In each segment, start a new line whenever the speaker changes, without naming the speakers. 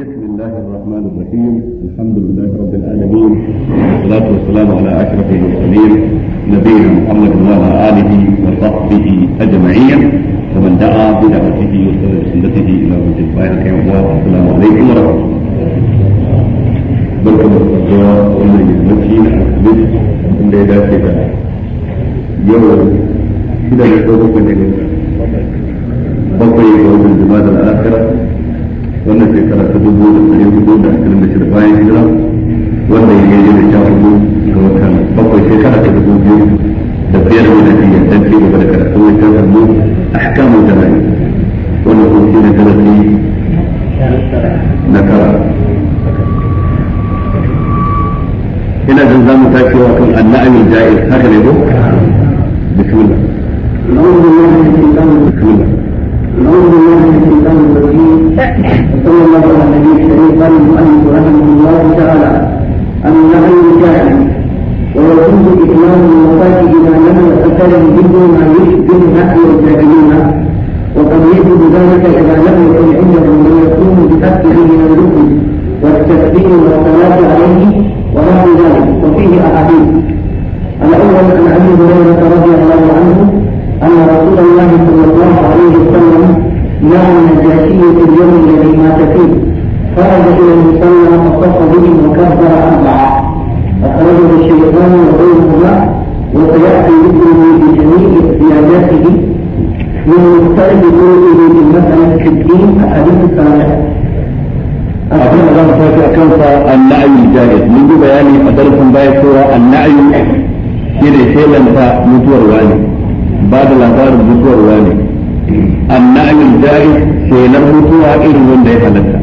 بسم الله الرحمن الرحيم الحمد لله رب العالمين والصلاة والسلام على أشرف المرسلين نبينا محمد وعلى آله وصحبه أجمعين ومن دعا بدعوته وسلم بسنته إلى الخير كما قال السلام عليكم ورحمة الله barka da kasuwa wannan yammaci na alhamis wanda ya dace da yau shida da tsohon bakwai wannan shekara ta dubu da ɗari hudu da ashirin da shida bayan hijira wanda ya yi da sha hudu ga watan bakwai shekara ta dubu biyu da biyar da biyu dan ci gaba da karatu mai tafar mu ahkamu jana'i wannan kuma shi ne darasi na kara ina jin zamu tashi wa kan annabi ja'i haka ne ko bismillah
أعوذ بالله من الشيطان الرجيم وصلى الله على النبي الكريم قال المؤلف رحمه الله تعالى عن نهي
الجاهل ويكون إتمام الوفاة إذا لم يتكلم جد ما يشبه نهي الجاهلين وقد يجب ذلك إذا لم يكن عنده من
يقوم بحقه من الركن والتكبير والصلاة عليه ونحو ذلك وفيه أحاديث الأول عن أبي هريرة رضي الله عنه أن رسول الله صلى الله عليه وسلم نهى النجاشي اليوم الذي مات فيه خرج إلى المصلى فصف بهم وكبر أربعة أخرجه الشيطان وغيرهما وسيأتي ذكره بجميع احتياجاته
من مختلف طرقه في مسألة في الدين أحاديث الصالحة أخيرا لما فاتح كنت النعي الجائز منذ بياني أدرس باية سورة النعي شيء سيلنت متور وعليه ba da labarin mutuwarwa ne annabin jari shelar mutuwa irin wanda ya halatta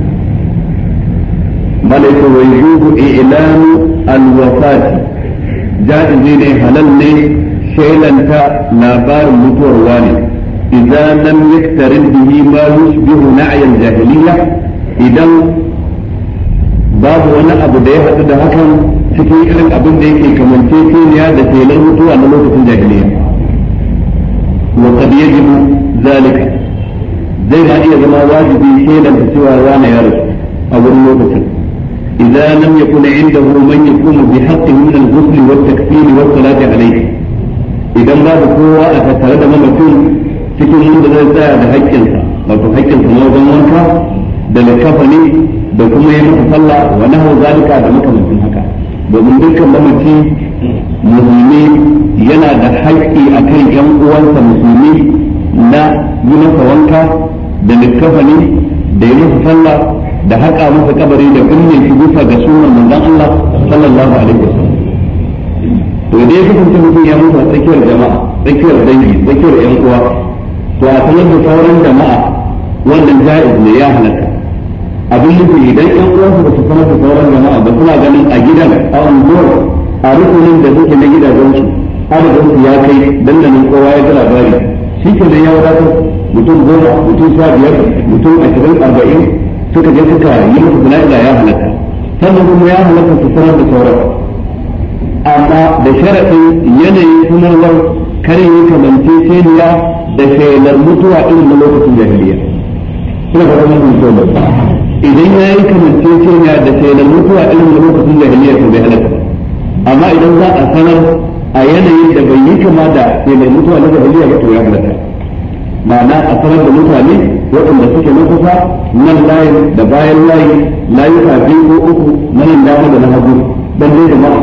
bala yake wai yuhu ilanu alwafati ja'izi ne halal ne shelanta labarin mutuwarwa ne idan lam yaktarin bihi ma yusbihu na'yan jahiliya idan babu wani abu da ya haɗu da hakan cikin irin abin da yake kamanceceniya da shelar mutuwa na lokacin jahiliya وقد يجب ذلك zai na iya zama wajibi shaidan ta cewa wani ya rasu a wurin lokacin idan lam yakun indahu man yakumu bi haqqihi min al-ghusl wa at-takfir wa salati alayhi idan babu kowa a tattare da mamacin cikin wanda zai tsaya da haƙƙinsa wato haƙƙinsa na wajen wanka da likafani da kuma ya masa sallah wa nahu zalika da makamancin haka domin dukkan mamaci musulmi yana da haƙƙi a kan ‘yan uwansa musulmi na yi masa wanka da littafani da yi masa sallah da haƙa masa kabari da kunne shi bisa ga sunan manzon Allah sallallahu alaihi wasallam to dai duk mutum ya mutu a tsakiyar jama'a tsakiyar dangi tsakiyar ‘yan uwa to a sanar da sauran jama'a wannan ja'iz ne ya halaka abin nufi idan ‘yan uwansa ba su sanar da sauran jama'a ba suna ganin a gidan a unguwar a rukunin da suke na gidajen su adadin su ya kai dandanin kowa ya ji labari shi ke da ya wadatar mutum goma mutum sha biyar mutum ashirin arba'in suka je suka yi musu jana'iza ya halatta sannan kuma ya halatta su sanar da sauran amma da sharaɗin yanayin sanarwar kare ya kamance sheniya da shaidar mutuwa irin na lokacin jahiliya suna fata mun idan ya yi kamance sheniya da shaidar mutuwa irin na lokacin jahiliya to bai halatta amma idan za a sanar a yanayin da bai yi kama da sai mai mutuwa na jahiliya ba to ya halatta ma'ana a sanar da mutane waɗanda suke na kusa nan layin da bayan layi layuka biyu ko uku na nan dama da na hagu dan dai ma'a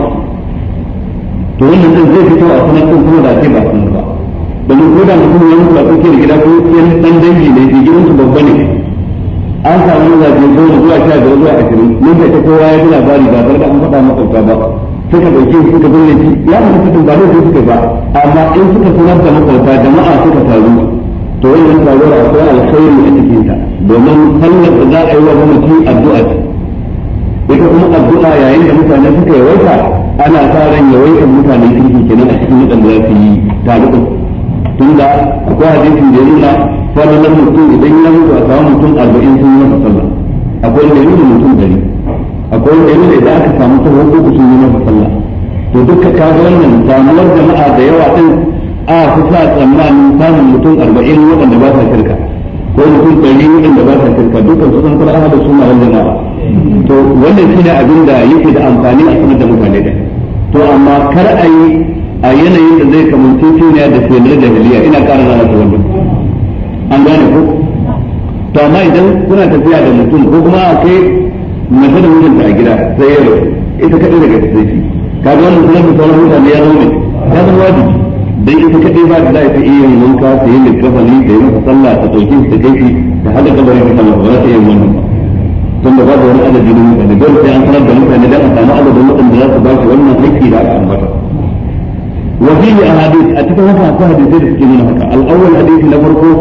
to wannan din zai fito a sanar ɗin kuma da ake ba sanar ba domin ko da mutum ya mutu a tsakiyar gida ko yan dan dangi ne ke su babba ne an samu zaje goma zuwa sha biyar zuwa ashirin nan da ta kowa ya ji labari ba zarga da an faɗa makwabta ba suka dauke shi suka binne shi ya mutu cikin ba da suka ba amma in suka sanar da makwabta jama'a suka taru to wannan taruwar akwai alkhairi a cikin ta domin hanyar da za a yi wa mamaci addu'a ce ita kuma addu'a yayin da mutane suka yawaita ana sa ran yawaitar mutane kirki kenan a cikin waɗanda za su yi tun da akwai hadisin da ya yana fadalar mutum idan ya mutu a samu mutum arba'in sun yi masa sallah akwai da yana mutum dari akwai wani da idan aka samu ta wasu uku sun yi na sallah to duka ka ga wannan samuwar jama'a da yawa din a ku sa tsammanin samun mutum arba'in waɗanda ba sa shirka ko mutum ɗari waɗanda ba sa shirka dukkan su san fara da su ma ran to wannan shine abin da yake da amfani a sanar da mutane da to amma kar a yi a yanayin da zai kamance tuniya da da jahiliya ina ƙara lalata wannan an gane ku? to amma idan kuna tafiya da mutum ko kuma akwai mace da mijinta a gida sai ya rasu ita kaɗai daga sai shi kaga wannan sunan sauran mutane ya zama ya zama wajibi dan ita kaɗai ba da za ta iya yin wanka ta yi littafani ta yi masa sallah ta ɗauki ta kai shi ta haɗa kabarin ta sama ba za ta yi wannan tunda ba da wani adadi na mutane dole sai an sanar da mutane dan a samu adadin waɗanda za su ba shi wannan aiki da aka ambata وفيه أحاديث أتكلم هكا أكو حديثين تكلمون هكا الأول حديث لفرقه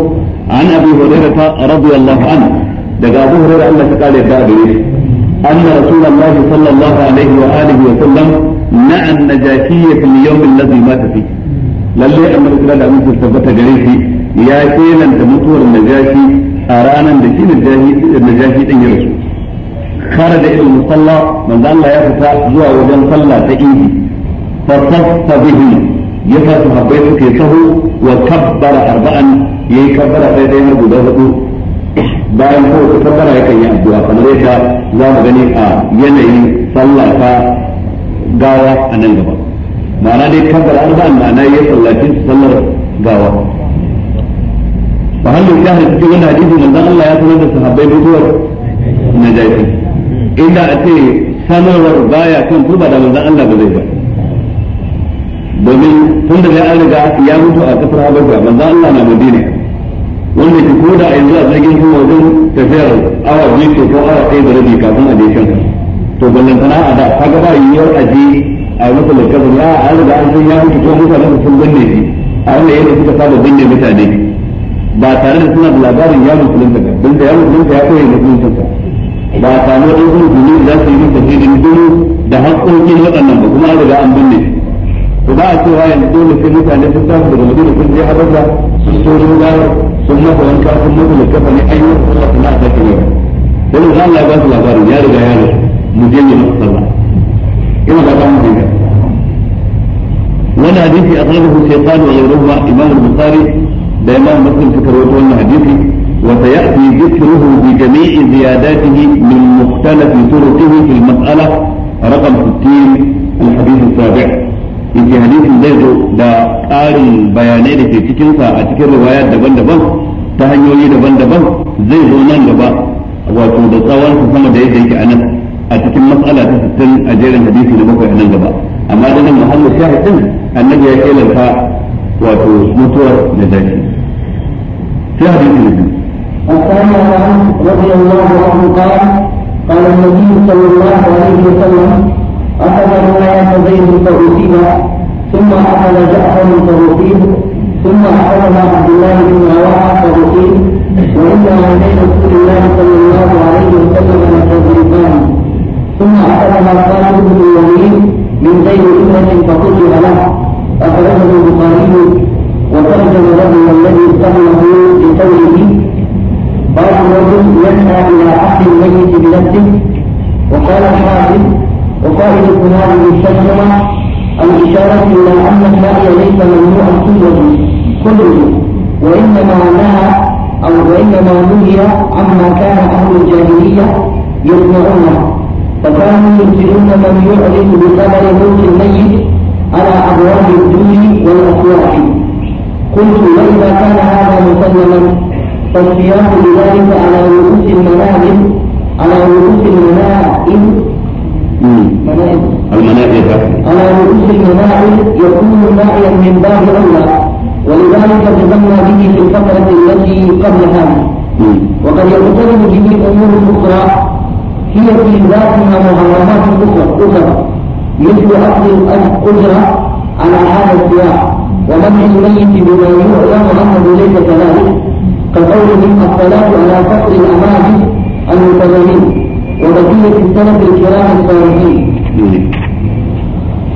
عن أبي هريرة رضي الله عنه دقى أبو هريرة الله تعالى يبدأ بريش أن رسول الله صلى الله عليه وآله وسلم نعى النجاشية في اليوم الذي مات فيه lalle amma da kula da amince tabbata gare shi ya kenan da mutuwar najashi a ranar da shi najashi din ya rasu kare da ilmu sallah manzo Allah ya fita zuwa wajen sallah ta idi fa tasbihu ya fa sahabbai suke sahu wa kabbara arba'an yayi kabbara sai dai har guda hudu bayan kowace ya yakan yi addu'a kamar yadda za mu gani a yanayin sallah ta gawa a nan gaba ma'ana dai kabbar ba ma'ana ya sallaci sallar gawa fa halin shahar cikin wannan hadisi manzo Allah ya sanar da sahabbai mutuwar najafi inda a ce sanarwar baya kan ba da manzo Allah ba zai ba domin tun da ya an riga ya mutu a kasar ba manzo Allah na madina wanda ke ko da a yanzu a zagin kuma wajen tafiyar awa biyu ke ko awa ɗaya da rabi kafin a je to ballan sana a da kaga ba yiwuwar a je a yi masa lakabin ya an riga an san ya mutu ko mutane da sun binne shi a wanda yadda suka saba binne mutane ba tare da suna da labarin ya musulunta ba don da ya musulunta ya sun musulunta ba a samu wani sun gumi za su yi masa da mutu da haƙƙoƙin waɗannan ba kuma an riga an binne to ba a cewa yanzu dole sai mutane sun tafi daga da sun je a sojin gawar sun masa wanka sun masa da kafa ne an yi wasu wasu na ta kare sai da zan labar su labarin ya riga ya rasu mu je ne masu sallah ina ba ta mu dinga wani hadisi a sarrafa shaytan wa yawruha imam al-bukhari da imam muslim suka rawaito wannan hadisi wa sayati dhikruhu bi jami'i ziyadatihi min mukhtalafi turuqihi fil mas'ala رقم 60 الحديث السابع yake hadisin zai zo da ƙarin bayanai da ke cikinsa a cikin riwaya daban-daban ta hanyoyi daban-daban zai zo nan gaba wato da tsawon su sama da yadda yake a nan a cikin matsala ta sittin a jerin hadisi da bakwai a nan gaba amma da nan muhammad shahidin annabi ya kelanta wato mutuwar da dace sai hadisi na biyu الثاني عن رضي الله عنه قال قال النبي صلى الله عليه وسلم أخذ الراية زيد فأصيب ثم أخذ جعفر فأصيب ثم أخذ
عبد الله بن رواحة فأصيب وإنما بين رسول الله صلى الله عليه وسلم لتدريبان ثم أخذ مرقان بن الوليد من زيد ابنة فقلت له أخرجه البخاري وترجم له
الذي استعمله بقوله باب رجل يسعى إلى عهد الميت بنفسه وقال الحافظ وقائد الكلام المستثمرة الإشارة إلى أن الرأي ليس ممنوعا كله كله وإنما نهى أو وإنما نهي عما كان أهل الجاهلية يصنعونه فكانوا يرسلون من يعلن بخبر موت الميت على أبواب الدنيا والأفواه قلت وإذا كان هذا مسلما فالسياق لذلك على رؤوس المنابر على رؤوس المنائب المناعبة على رؤوس المناعب يكون ناعيا من باب أولى ولذلك تسمى به في الفترة التي قبلها وقد يقترب به أمور أخرى هي في ذاتها مغرمات أخرى أخرى مثل أخذ الأجرة على هذا السياق ومنع الميت بما يعلم أنه ليس كذلك كقوله الصلاة على فقر الأماكن المتغيرين وبقية السلف الكرام الصالحين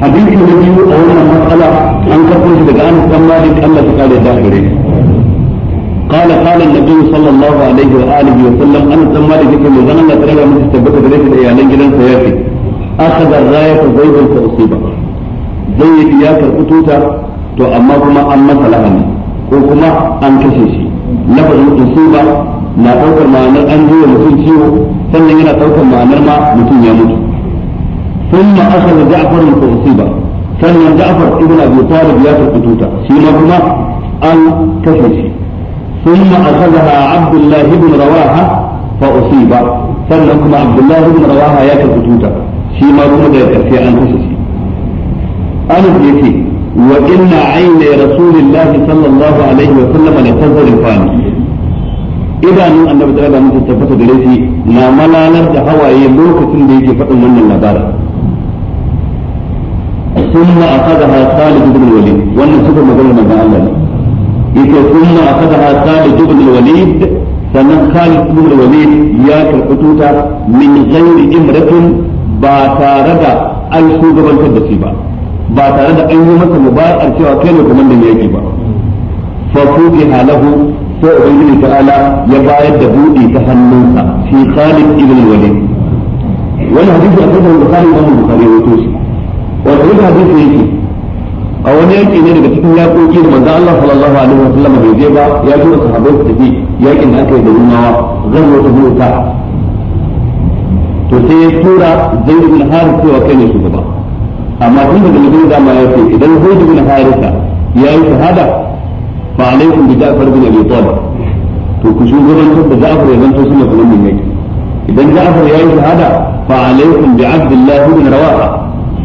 حديث النبي أولا مسألة أن تخرج بدعان السمالك ألا تقال الداخلين قال قال النبي صلى الله عليه وآله وسلم أنا السمالك يقول لزنا لا ترى من تثبت ذلك الإعلان جدا سيأتي أخذ الراية زيد فأصيبه زيد يا كرتوتا تو أما كما أما سلامني ko kuma an kashe shi lafazin usuba na ɗaukar ma'anar an ji wa mutum ciwo sannan yana ɗaukar ma'anar ma mutum ya mutu ثم أخذ جعفر ba sannan Ja'far ibn Abi Talib ya tafi tuta shi ma kuma an kashe shi ثم أخذها عبد الله بن رواحة فأصيب sannan kuma abdullahi الله بن رواحة ya karɓi tuta shi ma kuma da karfi an kashe shi Anas yace wa inna ayna rasulillahi sallallahu alaihi wa sallam la tazal fani idanun annabi da Allah mutum tabbata da laifi na malalar da hawaye lokacin da yake faɗin wannan labarin ثم أخذها خالد بن الوليد وأن سبب مجرد من الله يقول ثم أخذها خالد بن الوليد sannan Khalid ibn Walid ya karɓi tuta min ghairi imratin ba tare da an shugabantar da shi ba ba tare da an yi masa mubayar cewa kai ne kuma da yake ba fa fubi halahu sai ubangiji ta'ala ya bayar da buɗe ta hannunsa fi Khalid ibn Walid wani hadisi a cikin Bukhari da Bukhari ya wato shi wato wani hadisi yake a wani yaki ne daga cikin yaƙoƙi da manzo Allah sallallahu alaihi wa sallam bai je ba ya tura sahabbai su tafi yakin da aka yi da Rumawa zan wata buɗe to sai ya tura zai ibn Harith cewa kai ne shugaba amma tun daga mutum da ma ya ce idan zai ibn Harith ya yi shahada fa alaikum bi Ja'far bin Abi Talib to ku shugabantar da Ja'far ya zanto suna kuma min idan Ja'far ya shahada fa alaikum bi Abdullah bin Rawaha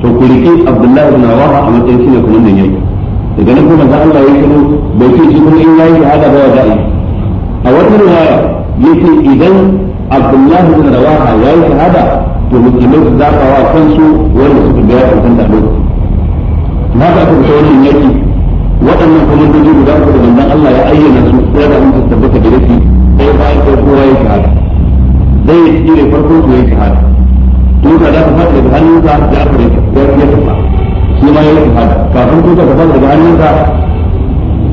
to ku rike Abdullah bin Rawaha a matsayin shine kuma min idan kuma manzo Allah ya shiru bai ce shi kuma yayi shahada ba da'i a wannan riwaya yake idan Abdullah bin Rawaha ya yi shahada to musulmai su zaɓa wa kansu wanda suka ga ya da a lokacin haka aka fita wannan waɗannan kwamandoji guda uku da manzon Allah ya ayyana su sai da mun tabbata da rafi sai bayan sai kowa ya shahada zai shi cire farko su ya shahada tuta da ta fada daga hannunsa da aka rike ya ya tafa shi ma ya shahada kafin tuta ta fada daga hannunsa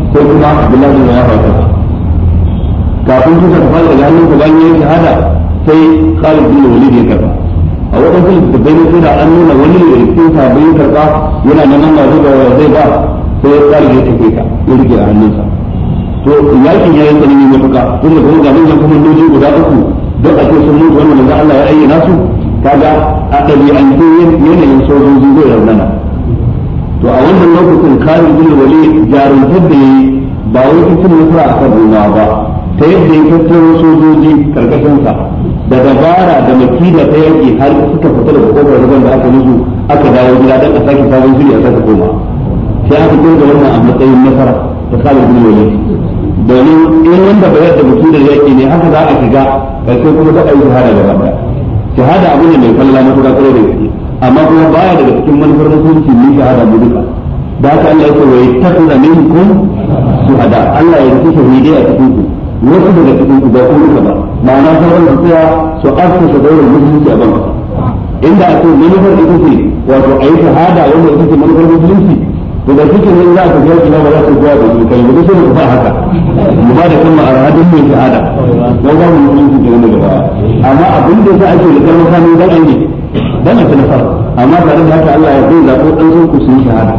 sai kuma Abdullahi bin Rawaha ta kafin tuta ta fada daga hannunsa bayan ya shahada sai Khalid bin Walid ya karba a waɗansu littattafai na sura an nuna wani da cikin sabbin karɓa yana nan na zuba zai ba sai ya fara ya tafi ka ya rike a hannunsa to yakin ya yi tsanani matuka tun da kuma gaban yankan mandoji guda uku don a sun mutu wanda manzo Allah ya ayyana su kaga a ɗabi'antu yanayin sojoji zai raunana to a wannan lokacin kayan bin wali jarumtar da ya yi ba wai cikin nasara a kan ruwa ba ta yadda ya tattaro sojoji karkashinsa da dabara da makida ta yanke har suka fita daga kofar ruban da aka musu aka dawo gida don a sake sabon shirya a sake koma sai aka kai da wannan a matsayin nasara ta kala bin walid domin in wanda ba yadda mutum da yake ne haka za a shiga karshe kuma za a yi shahada gaba ɗaya shahada abu ne mai falla na kuɗa da yake amma kuma baya daga cikin manufar musulunci ni shahada mu duka da haka Allah ya ce wai takhudha minkum shuhada Allah ya rufe shahidai a cikin ku wasu daga cikin ku ba ku duka ba ma'ana sauran da tsaya su afka su daura musulunci a banka inda a ce manufar ita ce wato a yi shahada wanda ita ce manufar musulunci daga da kike ne za ku je na ba za ku zuwa da ni kai yanzu sai ku fa haka mu ba da kuma arhadin mai shahada dan za mu yi kike da gaba amma abin da za a ce da kalmar kanu da an ne dan a tana fara amma tare da haka Allah ya zai zabo dan sun ku su shahada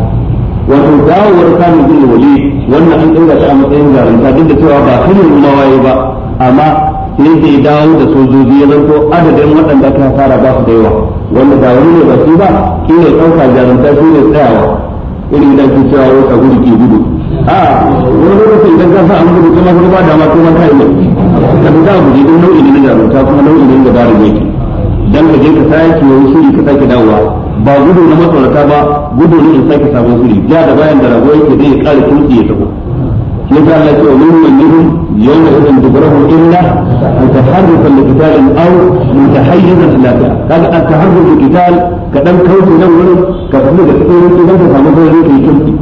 wato dawowar kanu bin wali wannan an dinga ta a matsayin garanta duk da cewa ba kanu waye ba amma sai sai dawo da sojoji ya zanto adadin waɗanda ka fara ba su da yawa wanda da wani ne ba su ba shi ne ɗauka jarumta shi ne tsayawa irin da ke cewa wata gudu ke gudu a wani lokacin idan ka sa an gudu kuma kuma ba dama ma ka yi ka da abu ne don nau'i ne na jarumta kuma nau'i ne da bari yake dan ka je ka sake wani shiri ka sake dawowa ba gudu na matsalata ba gudu ne in sake sabon shiri ja da bayan da rago yake zai kare turki ya tafi يجعل الله يقول من منهم يوم إذن تبره إلا متحرفا لقتال أو متحيزا إلى فئة هذا التحرف للقتال كدم كوت نور كفهمه كتير في نفسه فما هو يجري كمتي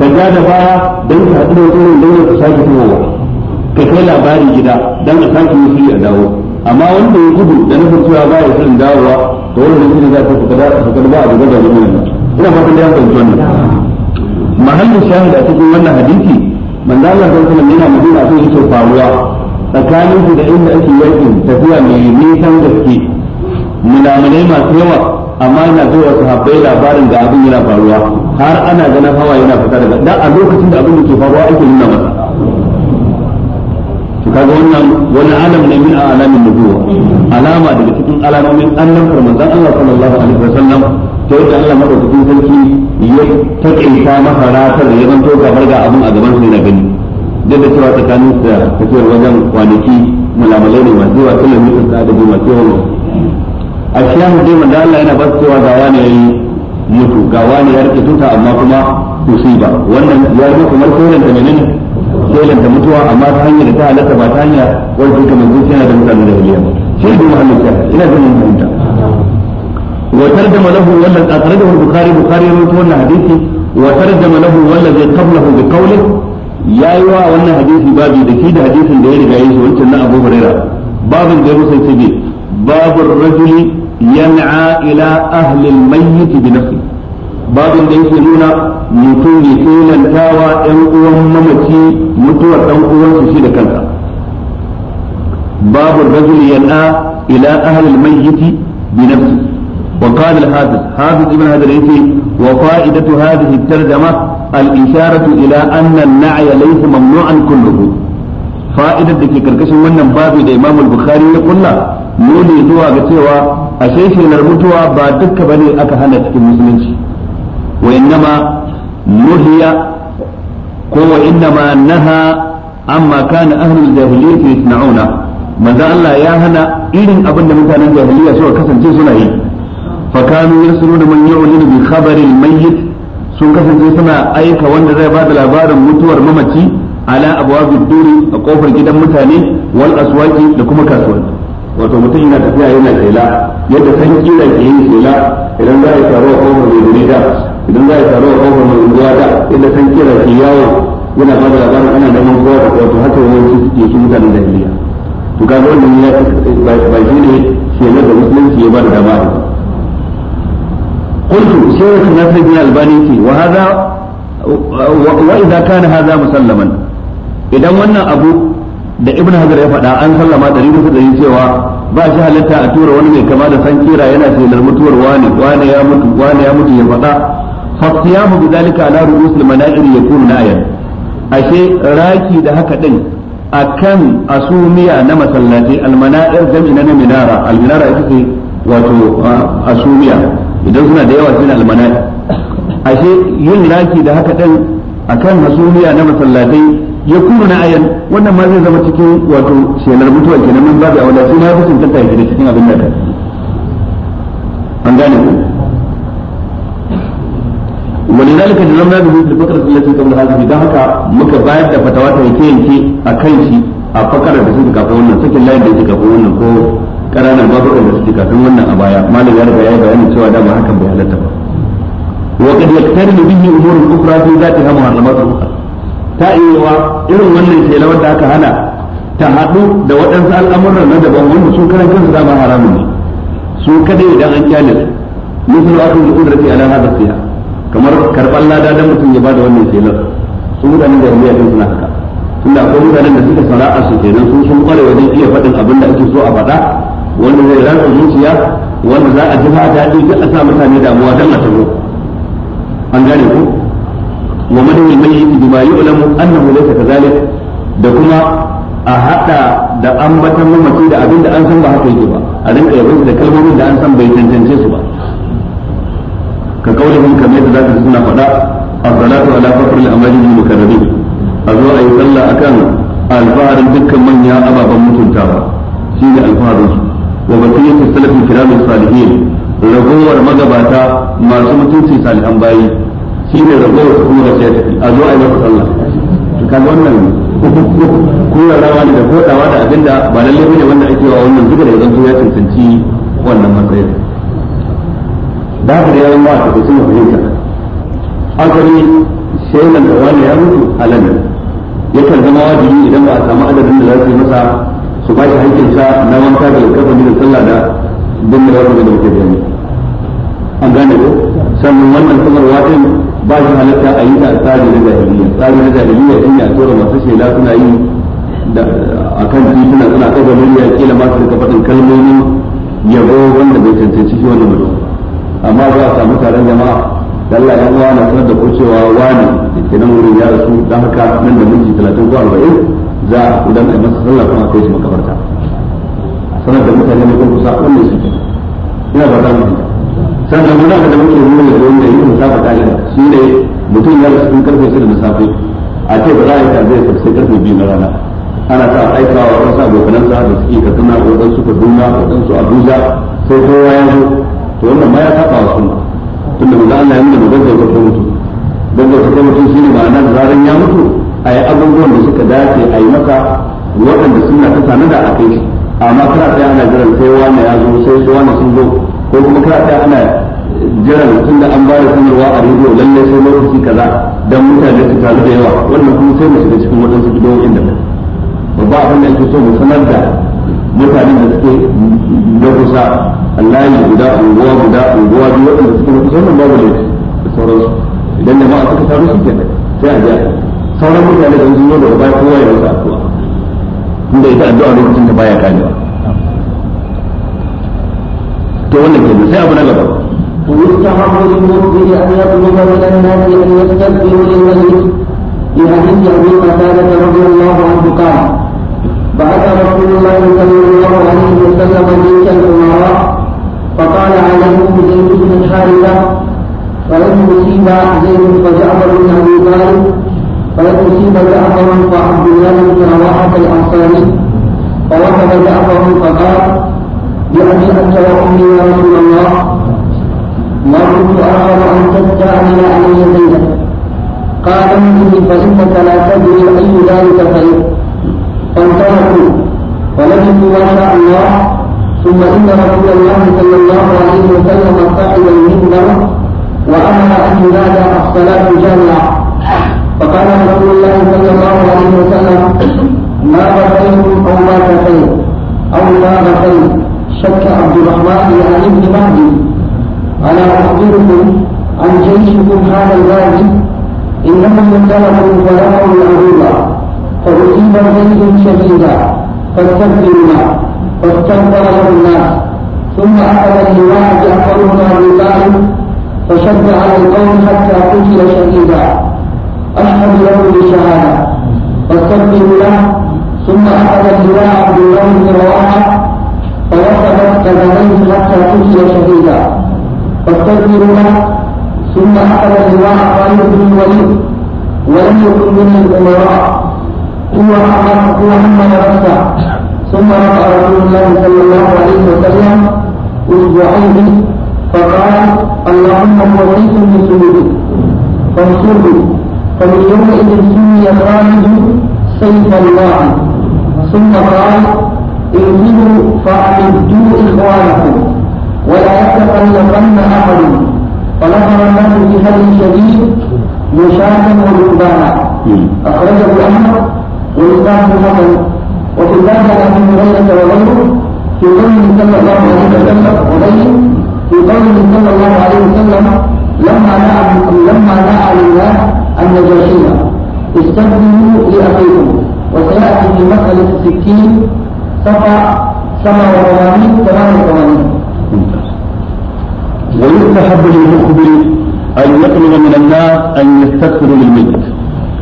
كجاد بايا دم كهدنا وطول دولة ساكي هو كتلا باري جدا دم ساكي يسري أداوه amma wanda ya gudu da nufin cewa ba ya shirin dawowa to wannan shi ne za ta fita fita ba a gaba da wannan ina fatan da ya fahimci wannan mahallin shahida cikin wannan hadisi manzo Allah sallallahu alaihi wasallam yana magana sai yake faruwa tsakanin su da inda ake yakin tafiya mai nisan gaske mulamunai masu yawa amma yana zuwa sahabbai labarin da abin yana faruwa har ana ganin hawa yana fita daga da a lokacin da abin ke faruwa ake nuna masa to kaga wannan wani alam ne min alamin nubuwa alama daga cikin alamomin annabtar manzon Allah sallallahu alaihi wasallam ta yadda Allah madaukakin sarki ya takaita masa ratar ya zanto gabar ga abin a gaban su na gani duk da cewa tsakanin su da tafiyar wajen kwanaki mulamalai ne masu yawa kilomita da adadi masu yawa a shahu dai manzo Allah yana ba cewa ga wani yayi mutu ga wani ya rike tuta amma kuma musiba wannan ya yi kamar koren da menene koren da mutuwa amma ta hanyar ta halatta ba ta hanyar wanda kuma zuciya da mutane da hiliya shi ne mahallin ina ganin fahimta وترجم له والذي أخرجه البخاري بخاري رواه حديثي وترجم له والذي قبله بقوله ya yi wa wannan hadisi babi da shi da da ya riga yi shi wancan na Abu Huraira babin da ya musa ce ne babin rajuli yan'a ila ahli al-mayyit bi nafsi babin da yake nuna mutum ne filantawa ɗan uwan mamaci mutuwar ɗan da kanka babin rajuli yan'a ila وقال الحافظ حافظ ابن هذا العيسي وفائدة هذه الترجمة الإشارة إلى أن النعي ليس ممنوعا كله فائدة دكي كركشن ونن بابي دا إمام البخاري يقول nuni zuwa ga cewa a shelar mutuwa ba dukka bane aka hana cikin musulunci wa innama nuhiya ko wa innama naha amma kana ahlul jahiliyyah yasna'una manzo Allah ya hana irin abinda mutanen jahiliya suka kasance suna yi fakanu yasru da man yu'linu bi khabaril mayyit sun kasance suna aika wanda zai ba da labarin mutuwar mamaci ala abwabid duri a kofar gidan mutane wal aswaki da kuma kasuwanci wato mutum yana tafiya yana tsela yadda san kira ke yin tsela idan za a yi taro a kofar mai gari da idan za a yi taro a kofar mai unguwa da yadda san kira ke yawo yana bada labarin ana neman kowa da wato haka yawanci suke su mutanen jahiliya to kaga wannan ya ba shi ne shi ne da musulunci ya ba da dama قلت شيخ نصر بن الباني وهذا وإذا كان هذا مسلما إذا وانا أبو da ibn hajar ya faɗa an sallama ɗari bisa ɗari cewa ba shi halitta a tura wani mai kama da san kira yana shelar mutuwar wani wani ya mutu wani ya mutu ya faɗa fasiyamu bi zalika ala ru'usul mana'ir yakunu na'yan ashe raki da haka din akan asumiya na masallaci almana'ir jam'i na minara alminara ita ce wato asumiya idan suna da yawa sun almana ashe yin raki da haka din akan hasumiya na masallatai ya kuma na ayan wannan ma zai zama cikin wato shelar mutuwa kenan min babu a wadatai na fi tanta yake da cikin abin da ka an gane ku wani ولذلك جرمنا da bukatar الفقرة التي قبل هذه ده haka muka bayar da fatawa ta yake yanke akan shi a fakar da suka kafa wannan sakin layin da yake kafa wannan ko ƙananan babu da suke kafin wannan a baya malam ya riga ya bayani cewa dama hakan bai halatta ba wa kad yaktaru bihi umur ukhra fi zatiha muharramat ukhra ta iya irin wannan lawar wanda aka hana ta hadu da waɗansu al'amuran na daban wanda su karan kansu dama haramun ne su kada idan an kyale su musul akhu qudrati ala hada fiha kamar karban lada dan mutum ya bada wannan shelar su mutanen da rubiya din suna haka tunda akwai mutanen da suka sana'a su kenan su sun kware wajen iya faɗin abin da ake so a faɗa wanda zai rantsa zuciya wanda za a ji a daɗi duk a sa mutane damuwa don a tabo an gane ku wa yi madawil mayyit bima yu'lamu annahu laysa kadhalik da kuma a hada da ambatan mamaci da abin da an san ba haka yake ba a rinka yabon da kalmomin da an san bai tantance su ba ka kaulihim kamar yadda zaka suna faɗa as-salatu ala faqr al-amali al-mukarrabin a zo a yi sallah akan alfaharin dukkan manya ababen mutuntawa shine alfaharin su wa baqiyatu salafin kiramul salihin ragowar magabata masu mutunci salihan bayi shine ragowar kuma da sai a zo a yi masa sallah to kaga wannan kura rawa ne da kodawa da abinda ba lalle bane wanda ake wa wannan duka da yanzu ya cancanci wannan matsayin da haka da yawan ba ta kusa ne fahimta akari sai nan da wani ya mutu halal yakan zama wajibi idan ba a samu adadin da za su yi masa su ba shi hankin sha na wanka da kafa da sallah da da wani da muke gani an gane ko sannan wannan samar din ba shi halatta a yi ta tsari na jahiliya tsari na jahiliya din ya tura masu shela suna yi da akan tituna suna kafa miliyan kila ma su rika faɗin kalmomin yabo wanda bai cancanci shi wannan mutum amma za a samu taron jama'a Allah ya na sanar da ku cewa wani da wurin ya rasu don haka nan da minti talatin ko arba'in za a kudan a masa sallah kuma kai su makabarta sanar da mutane na kurkusa su ke ina ba za sanar sannan muna da muke nuna da wanda yi musafa kalin shi ne mutum ya rasu karfe shida da safe a ce ba za a yi tarzai sai karfe biyu na rana ana sa aikawa waɗansu sa da suke katsina waɗansu kaduna su abuja sai kowa ya zo to wannan ma ya saba wa sunna tunda manzo Allah ya nuna magana da mutum dan da mutum shine ma'ana da zaran ya mutu a yi abubuwan da suka dace a yi masa waɗanda suna ta sanu da a shi amma kana tsaya ana jiran sai wani ya zo sai wani sun zo ko kuma kana tsaya ana jiran tun da an ba da sanarwa a rediyo lalle sai lokaci kaza dan mutane su taru da yawa wannan kuma sai mu shiga cikin waɗansu bidiyoyin da babba abin da yake so mu sanar da mutanen da suke na kusa allahi guda unguwa guda unguwa duk waɗanda suke na kusa wannan babu laifi da sauransu idan jama'a suka taru shi kenan sai a ji sauran mutane da sun zo da ba kowa ya masa addu'a inda ita addu'a lokacin da baya karewa to wannan kenan sai abu na gaba ويستحب للمسلم أن يطلب من الناس أن يستغفروا للميت لحديث أبي قتادة رضي الله عنه
قال بعث رسول الله صلى الله عليه وسلم جيشا أمراء
فقال عليهم زيد بن حارثة فلم يصيب زيد فجعفر بن أبي طالب فلم يصيب جعفر فعبد الله بن رواحة الأنصاري فوهب جعفر فقال بأبي أنت وأمي يا رسول الله ما كنت أرغب أن إلى علي يدينا قال انزلي فإنك لا تدري أي ذلك خير
فانتهكوا ولبثوا ما شاء الله ثم إن رسول الله صلى الله عليه وسلم صعد المنبر وأمر أن ينادى
الصلاة جامعة فقال رسول الله صلى الله عليه وسلم ما بقيتم او ما بقيت او ما بقيت شك عبد الرحمن عن ابن مهدي الا اخبركم عن جيشكم هذا الوادي انهم انطلقوا فلقوا العروبه فأصيب
الجيش شديدا فاستكبرنا فاستكبر له الناس ثم أخذ اللواء جعفر بن أبي طالب فشد على القوم حتى قتل شديدا أشهد له بالشهادة فاستغفروا له ثم أخذ اللواء عبد الله بن رواحة فوقفت قدميه حتى توفي شهيدا فاستغفروا له ثم أخذ اللواء خالد بن الوليد ولم يكن من الأمراء هو هو حمل نفسه ثم رفع رسول الله صلى الله عليه وسلم أسبوعين فقال اللهم موفيكم من سلوكه فانصره فمن سمي خالد سيف الله
ثم قال انزلوا فاعبدوا اخوانكم ولا يتفرقن احد فنظر الناس بهدي شديد مشاة وركبانا اخرجه احمد ولسان
حسن وفي ذلك ابي هريره وغيره في قوله صلى الله عليه وسلم وغيره في قوله صلى الله عليه وسلم لما دعا لما
نعى لله النجاشية استخدموا لأخيكم وسيأتي في مسألة السكين صفا سبعة وثمانين ثمانية وثمانين ويستحب للمخبر أن يطلب من الناس أن يستكثروا للميت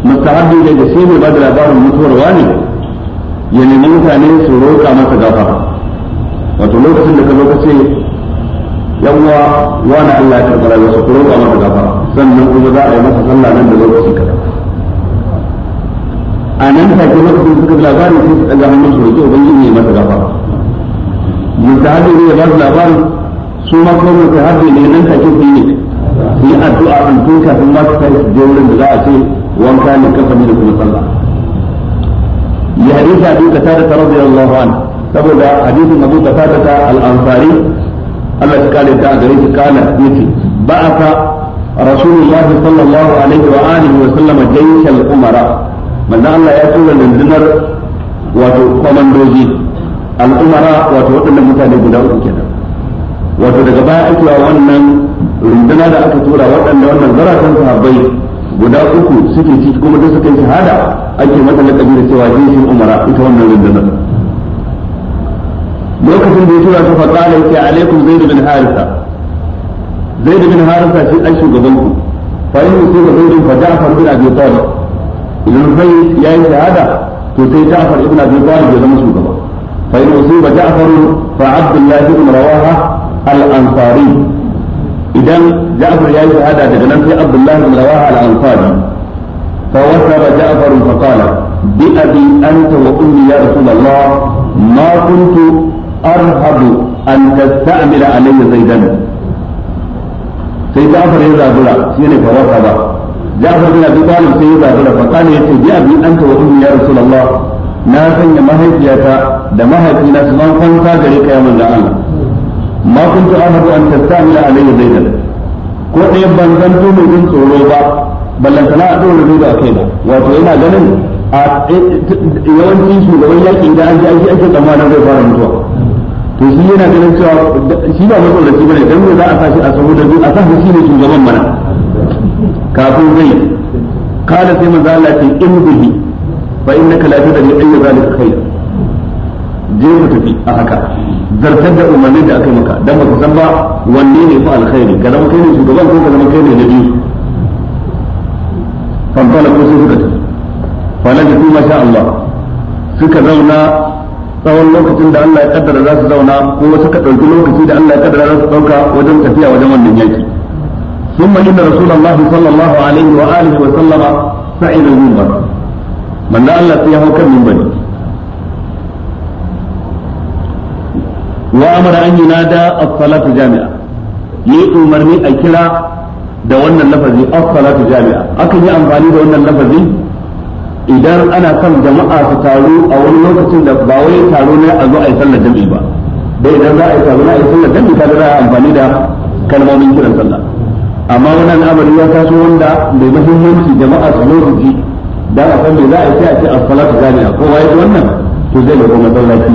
مستحب إلى جسيم بدل أبار المطور واني يعني mutane su roƙa masa gafara wato lokacin da ka zo ka ce yawwa wani Allah ya sannan kuma za a yi masa sallah nan da lokaci kaza a nan take lokacin suka labarin sai su ɗaga hannun su roƙi ubangiji ya masa gafara mutahabi ne ya ba su labarin su ma kuma mutahabi ne nan take su yi su yi addu'a an tun kafin ma su kai su je wurin da za a ce wanka ne kafa ne da kuma sallah ya hadisa abu qatada radiyallahu anhu saboda hadisin abu qatada al-ansari Allah ya kare ta gare shi kana yace ba'atha رسول الله صلى الله عليه وآله وسلم جيش الأمراء من الله يقول للزمر وكومندوزي الأمراء وتوطن المتالي بداوه كده wato daga baya ake wa wannan rundunar da aka tura waɗanda wannan zaratan sahabbai guda uku suke ciki kuma da suka yi shahada ake mata laƙabi da cewa jishin umara ita wannan rundunar lokacin da ya tura su fa qala yake alaikum zaid bin harisa زيد بن هارثة في أيش قدمه فإن يصيب زيد فجعفر بن أبي طالب إذا نفي يا هذا تسي جعفر بن أبي طالب إذا يدم سوقه فإن يصيب جعفر فعبد الله بن رواحة الأنصاري إذا جعفر يا هذا تجنم في عبد الله بن رواحة الأنصاري فوسر جعفر فقال بأبي أنت وأمي يا رسول الله ما كنت أرهب أن تستعمل علي زيدنا sai Ja'far ya zabura shi ne fawaka ba Ja'far bin Abi Talib sai ya zabura fa kana yace bi abi anta wa ummi ya Rasulullah na sanya mahaifiyata da mahaifina su zan kwanta gare ka ya da Allah ma kuntu ahadu an tastamila alayya zaidan ko ɗaya ban to mai jin tsoro ba ballantana a ɗora da kai da wato ina ganin a yawancin shugaban yakin da an ji ake tsammanin zai fara mutuwa to shi yana ganin cewa shi ba ba ne don me za a sashi a sahu da a sahu shi ne shugaban mana kafin zai kada sai manzo Allah ce in bihi fa innaka la tadri ayyu zalika khair je mu tafi a haka zartar da umarnin da aka yi maka dan baka san ba wanne ne fa alkhairi ka zama kai ne shugaban ko ka zama kai ne nabi fanfala ko sai suka tafi falan da kuma sha Allah suka zauna tsawon lokacin da Allah ya kaddara za su zauna ko suka ɗauki lokaci da Allah ya kaddara za su ɗauka wajen tafiya wajen wannan yaki ثم إن رسول الله صلى الله عليه وآله وسلم سعيد المنبر من لا الله فيها كم من بني وأمر أن ينادى الصلاة جامعة يأمرني أكلا da wannan lafazi as-salatu jami'a akan yi amfani da wannan lafazi idan ana son jama'a su taru a wani lokacin da ba wai taro ne a zo a yi sallar jami'i ba dai idan za a yi taro na a yi sallar jami'i ka za a amfani da kalmomin kiran sallah amma wannan amari ya taso wanda mai muhimmanci jama'a su zo su ji dan a san me za a yi sai a ce as-salatu jami'a kowa ya wannan to zai ga masallaci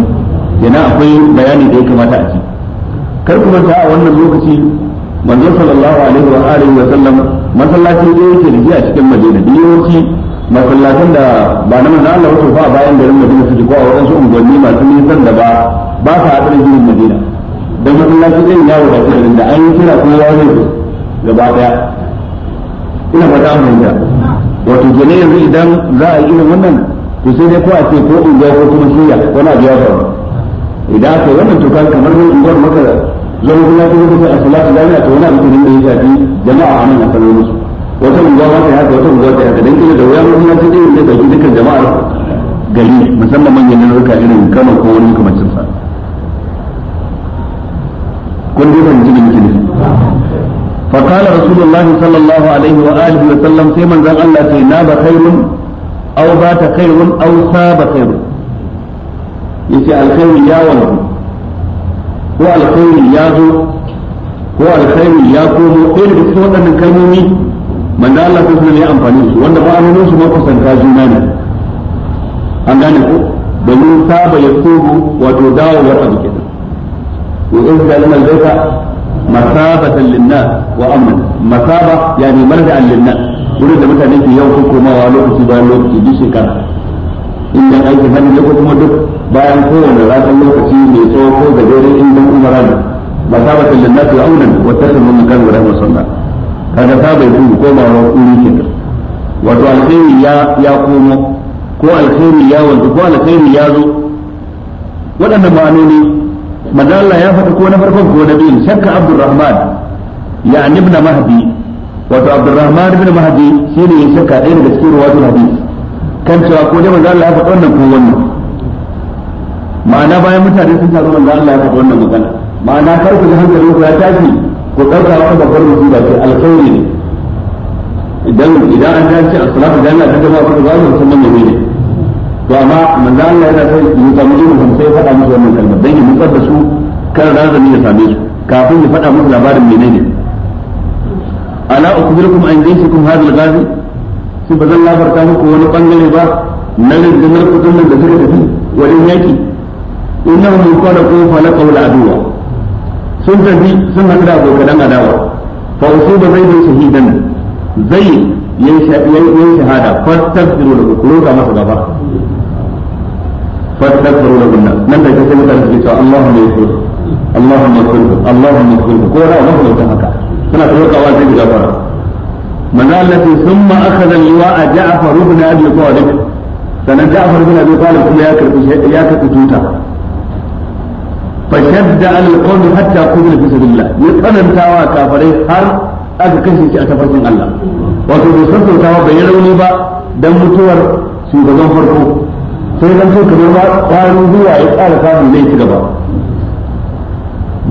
yana akwai bayani da ya kamata a ci kar ku manta a wannan lokaci manzon sallallahu alaihi wa alihi wa sallam masallaci da yake da ji a cikin madina biyoci masallatan da ba na manzon Allah wato ba bayan garin Madina su ko a wadansu unguwanni masu nisan da ba ba sa hadarin jirin Madina dan masallaci din ya wuce garin da an yi kira ko ya wuce gaba daya ina fata mun da wato gene yanzu idan za a yi irin wannan to sai dai ko a ce ko unguwa ko kuma shiya wani abu ya faru idan aka wannan to kan kamar mun unguwar maka zama kuma ko kuma a salatu da ina to wani abu ne da ya shafi jama'a a nan a sanar musu wata unguwa ba ta haka wata unguwa ta haka dan kila da wuya ya nan sai da baki dukkan jama'ar gari musamman manyan ruka irin kama ko wani kamar sa kun dai fahimci da muke nufi فقال رسول الله صلى الله عليه وآله وسلم في من ذن الله ba ناب خير أو بات خير أو صاب خير يتي الخير يا ولد هو الخير يا ذو هو الخير يا قوم إيه بسوء waɗannan كلموني manzo Allah ko kuma ya amfani da su wanda ba amanu su ma kusanta juna ne an gane ko domin saba ya tubu wato dawowar abu kenan wa in zalama al-baita masabatan lin-nas wa amnan masaba yani marja'an lin-nas wurin da mutane ke yau komawa lokaci bayan lokaci duk shekara inda aiki hannu ne ko kuma duk bayan kowane ranar lokaci mai tsawo ko gajeren in dan umara ne masabatan lin-nas wa amnan wa tasallu min kan wa rahmatullah kaga sabai su kuri wuri kenan wato alkhairi ya ya komo ko alkhairi ya wanzu ko alkhairi ya zo waɗannan ma'anoni manzo Allah ya faɗa ko na farkon ko na biyun shakka Abdurrahman ya ibn Mahdi wato Abdurrahman ibn Mahdi shine ya shakka ɗaya daga cikin ruwatul hadith kan cewa ko dai manzo Allah ya faɗa wannan ko wannan ma'ana bayan mutane sun taru manzo Allah ya faɗa wannan magana ma'ana kar da ji ku ya tashi ko ɗauka wata babbar musiba ce alkhairi ne idan idan an ta ce as-salatu jami'a ta jama'a ta zalim sannan ne ne to amma manzo Allah yana sai mu samu ilimi sai faɗa musu wannan kalmar dan ya nutsar da su kan razami ya same su kafin ya faɗa musu labarin menene ala ukhbirukum an jaysikum hadha al-ghazi ba zan labarta muku wani bangare ba na rigimar kudin da suka tafi wani yaki innahu yuqalu fa qawla al-aduwa sun tafi sun haɗu da abokan adawa fa usiba zaidun shahidan zaid yayin shahada da lahu kuruka masa gaba fastaghfiru lahu nan da kake mutane suke cewa Allahumma yaghfir Allahumma yaghfir Allahumma yaghfir ko da wannan da haka suna roƙawa sai gafara manzo Allah sai summa akhadha liwa'a Ja'far ibn Abi Talib sanan Ja'far ibn Abi Talib kuma ya karbi ya karbi tuta فشد على القوم حتى قتل في سبيل الله يتنن تاوى كافرين har aka kashe shi a tafarkin Allah wato bai sassautawa bai rauni ba dan mutuwar shugaban farko sai dan so kamar ba kwarin zuwa ya tsara samun zai ci gaba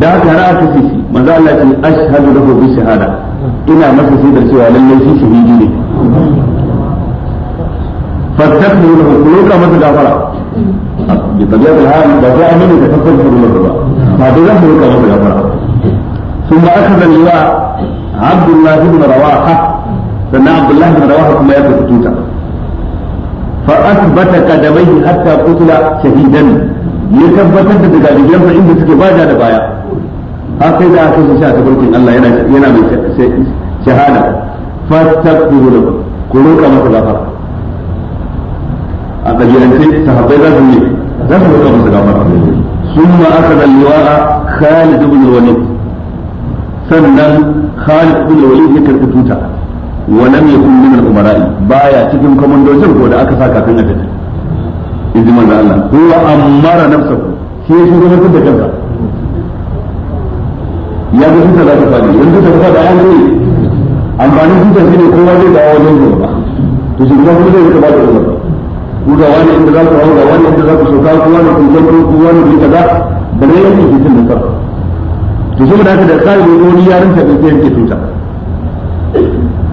da haka har aka kashe shi manzo Allah ya ce ashhadu lahu bi shahada ina masa shaidar cewa lallai shi shahidi ne fatakhu lahu kuluka masa gafara بطبيعة الحال ده جاء منه تفضل في الله فهذا ده هو كما ثم أخذ اللواء عبد الله بن رواحة فإن عبد الله بن رواحة كما يأكل توتا فأثبت قدميه حتى قتل شهيدا يثبت أنت بقابل جنب عند سكباجة لبايا أخي ذا أخي سيشاء تبركين الله ينامي شهادة فاستقبه لكم كلوك مثل أخر أقجي أنت سهبت ذا za su roƙa masa gafara ثم أخذ اللواء خالد بن tuta. da aka saka kan adadi idan manzo Allah huwa amara nafsahu shi ya shugabantar da kanka. ya ga tuta da ta faɗi yanzu ta faɗa ya ne amfanin tuta shi kowa zai dawo wajen ba. to shi kuma zai rika ba da ku ga wani inda za ku hau ga wani inda za ku sauka ku wani kun zanto ku wani kun kaza da ne yake fitin da kanku to saboda haka da tsarin wani yarin ta ɗauke yake tuta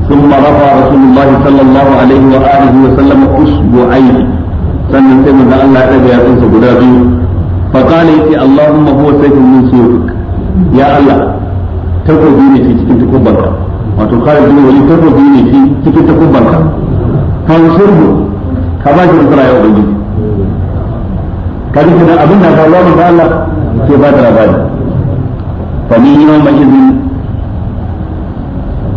ثم رفع رسول الله صلى الله عليه وآله وسلم أسبوعين sannan sai manzon Allah ya daga yatsunsa guda biyu fa qala yati allahumma huwa sayyidun min suyuk ya Allah takobi ne cikin takubbanka wato kare dole wani takobi ne cikin takubbanka fa usurbu ka ba shi nasara ya ubangiji ka ji kenan abin da faruwa mun ga Allah sai ba ta labari fa min yawma idhin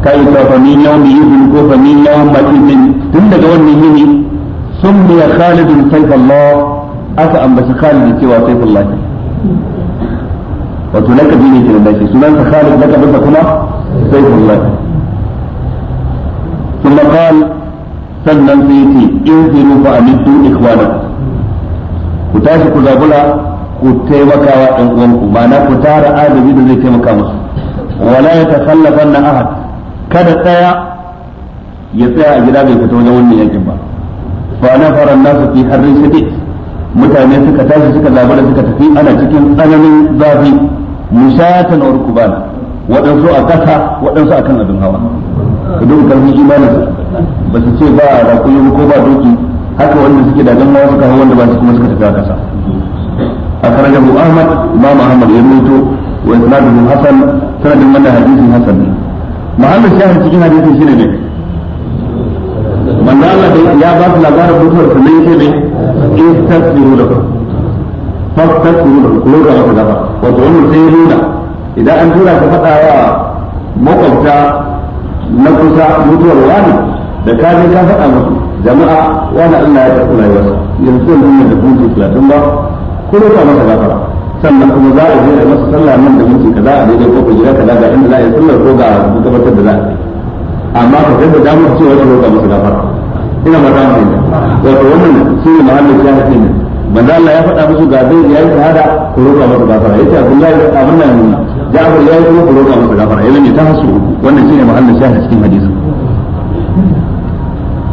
kai fa fa min yawmi idhin ko fa min yawma idhin tun daga wannan yini summiya khalidun sayfallah aka ambaci khalid cewa sayfallah wato lakabi ne da shi sunan sa khalid lakabin sa kuma sayfallah ثم قال sannan sai ce in firu fa amitu ikwana ku tashi ku zabula ku taimakawa ɗan uwanku ma'ana ku tara azumi da zai taimaka musu wala ya na ahad kada tsaya ya tsaya a gida bai fita wajen wannan yankin ba fa nafara nasu fi harin shiɗi mutane suka tashi suka zabula suka tafi ana cikin tsananin zafi musayatan wa rukubana waɗansu a ƙasa waɗansu akan abin hawa idan karfin imanin ba su ce ba rakumi ko ba doki haka wanda suke da gan wasu kawo wanda ba su kuma suka tafi a kasa a mu Ahmad Imam muhammad ya mutu wa isnaduhu Hasan sanadin wannan hadisin Hasan ne mahallin shahid cikin hadisin shine ne manzo Allah ya ba su labarin mutuwar su ne yake ne istaghfiru da fastaghfiru da ko ga wata gaba wato wannan sai nuna idan an tura ka fada wa makwabta na kusa mutuwar wani da ka je ka faɗa musu jama'a wani Allah ya tafi rayuwarsa yanzu zan nuna da kunci talatin ba ko da masa gafara sannan kuma za a je da masa sallah nan da ka kaza a daidai ko gida kaza ga inda za a yi sallar ko ga tabbatar da za a yi amma ka kai da damar cewa ya roƙa masa gafara ina ba damar ne wato wannan su ne ya haɗe ne manzo Allah ya faɗa musu ga zai ta shahada ko roƙa masa gafara ya ce abin nan ja'far ya yi muku roƙa masa gafara ya zame ta hasu wannan shine mahallin shahid cikin hadisin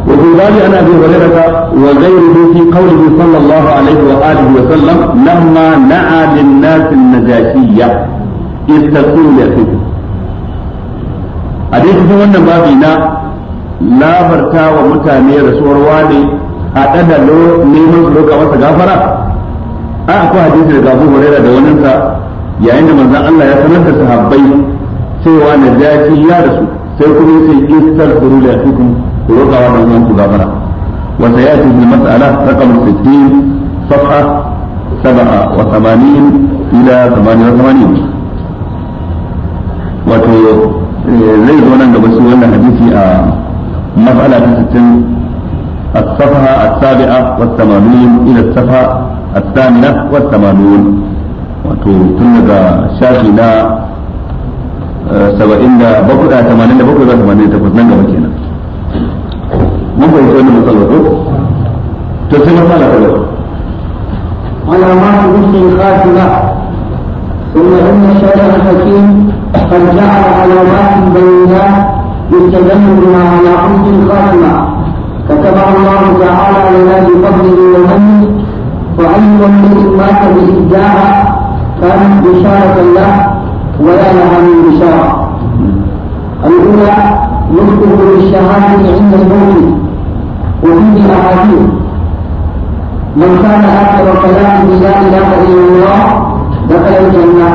وفي ذلك عن ابي هريره وغيره في قوله صلى الله عليه واله وسلم لما نعى للناس النجاشيه استغفروا لانفسكم hadisi cikin wannan babi na labarta wa mutane rasuwar wani haɗe da neman su roƙa masa gafara a akwai hadisi daga Abu Hurairah da waninsa yayin da manzon Allah ya sanar da sahabbai cewa najashi ya su sai kuma yace istaghfiru li akhikum ku roƙa wa dan uwanku gafara wa sayati bil mas'ala raqam 60 safha 87 ila 88 wato eh, zai zo nan gaba shi wannan hadisi a mas'ala ta 60 الصفحة السابعة والثمانون إلى الصفحة الثامنة والثمانون wato tun daga shafi na saba'in da bakwai da tamanin da bakwai da tamanin da takwas nan gaba kenan mun bai fahimci wannan matsalar ko to sai mun fara kawai علامات حسن خاتمة ثم إن الشرع الحكيم قد جعل علامات بينات يستدل بها على حسن خاتمة كتبها الله تعالى لنا بفضله ومنه فأي امرئ مات بإبداعها كانت بشارة له
ولا لها من بشارة الأولى يكتب بالشهادة
عند الموت وفيه أحاديث من كان آخر كلامه لا إله إلا الله دخل الجنة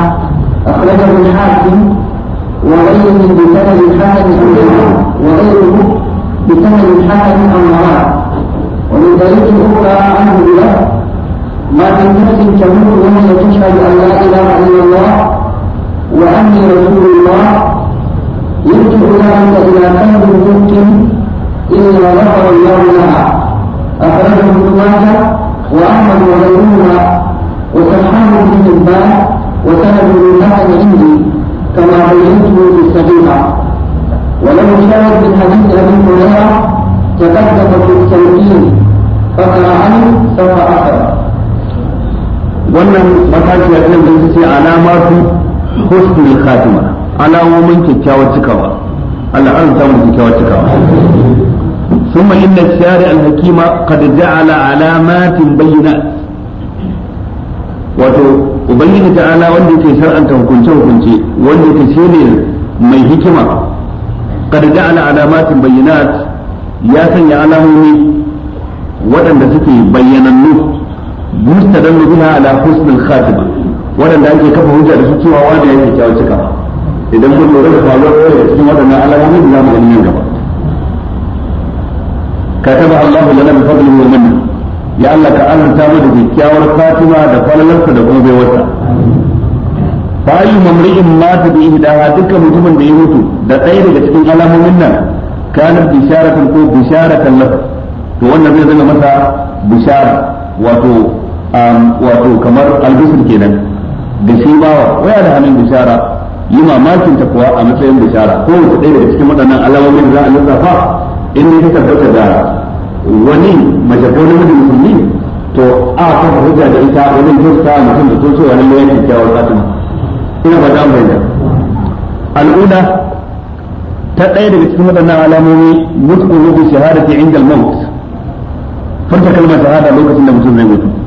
أخرجه
الحاكم وغيره بسند الحاكم أو وغيره
بسند الحاكم أو مراد ومن طريق أخرى أنه له ما في نفس تموت وهي تشهد أن لا وأن رسول الله يفتح ذلك إلى قلب ممكن إلا غفر الله لها أخرجه ابن ماجه وأحمد وغيرهما وسبحان بن حبان وسند بن عندي
كما بينته في الصحيحة ولو شاهد من حديث أبي
هريرة تقدم في التوكيل فقرأ عنه سوف أقرأ. wannan matakiya ta da ce alama su husnul khatima alamomin kyakkyawar cikawa Allah an samu kyakkyawar cikawa ثم إن الشارع الحكيم قد جعل al'amatin بينات wato ubangiji ta'ala wanda yake shar'anta hukunce hukunce wanda yake shine mai hikima qad ja'ala alamatin bayyinat ya sanya alamomi waɗanda suke bayyanannu mustadan biha ala husnul khatima waɗanda ake kafa hujja da su cewa wani ya yi kyawun cika idan mun lura da faruwar kawai da cikin waɗannan alamomi da za mu gani nan gaba ka taba Allah da lana fadlin wa manna ya Allah ka ta mu da kyakkyawar Fatima da falalarsa da kuma baiwarsa bayu mamrin ma da yi ihdaha duka mutumin da ya mutu da ɗaya daga cikin alamomin nan kana bisharatan ko bisharatan lak to wannan zai zama masa bishara wato wato kamar albisir kenan da shi bawa waya da hannun bishara yi mamakin ta kuwa a matsayin bishara ko wata ɗaya daga cikin waɗannan alamomin za a lissafa in ne ta tabbata da wani mace ko namiji musulmi to a kafa hujja da ita wani wajen jirka mutum da so cewa lallai yake kyawar fatima ina ba za mu bayyana al'uda ta ɗaya daga cikin waɗannan alamomi mutu rubu shahadati inda al-maut furta kalmar shahada lokacin da mutum zai mutu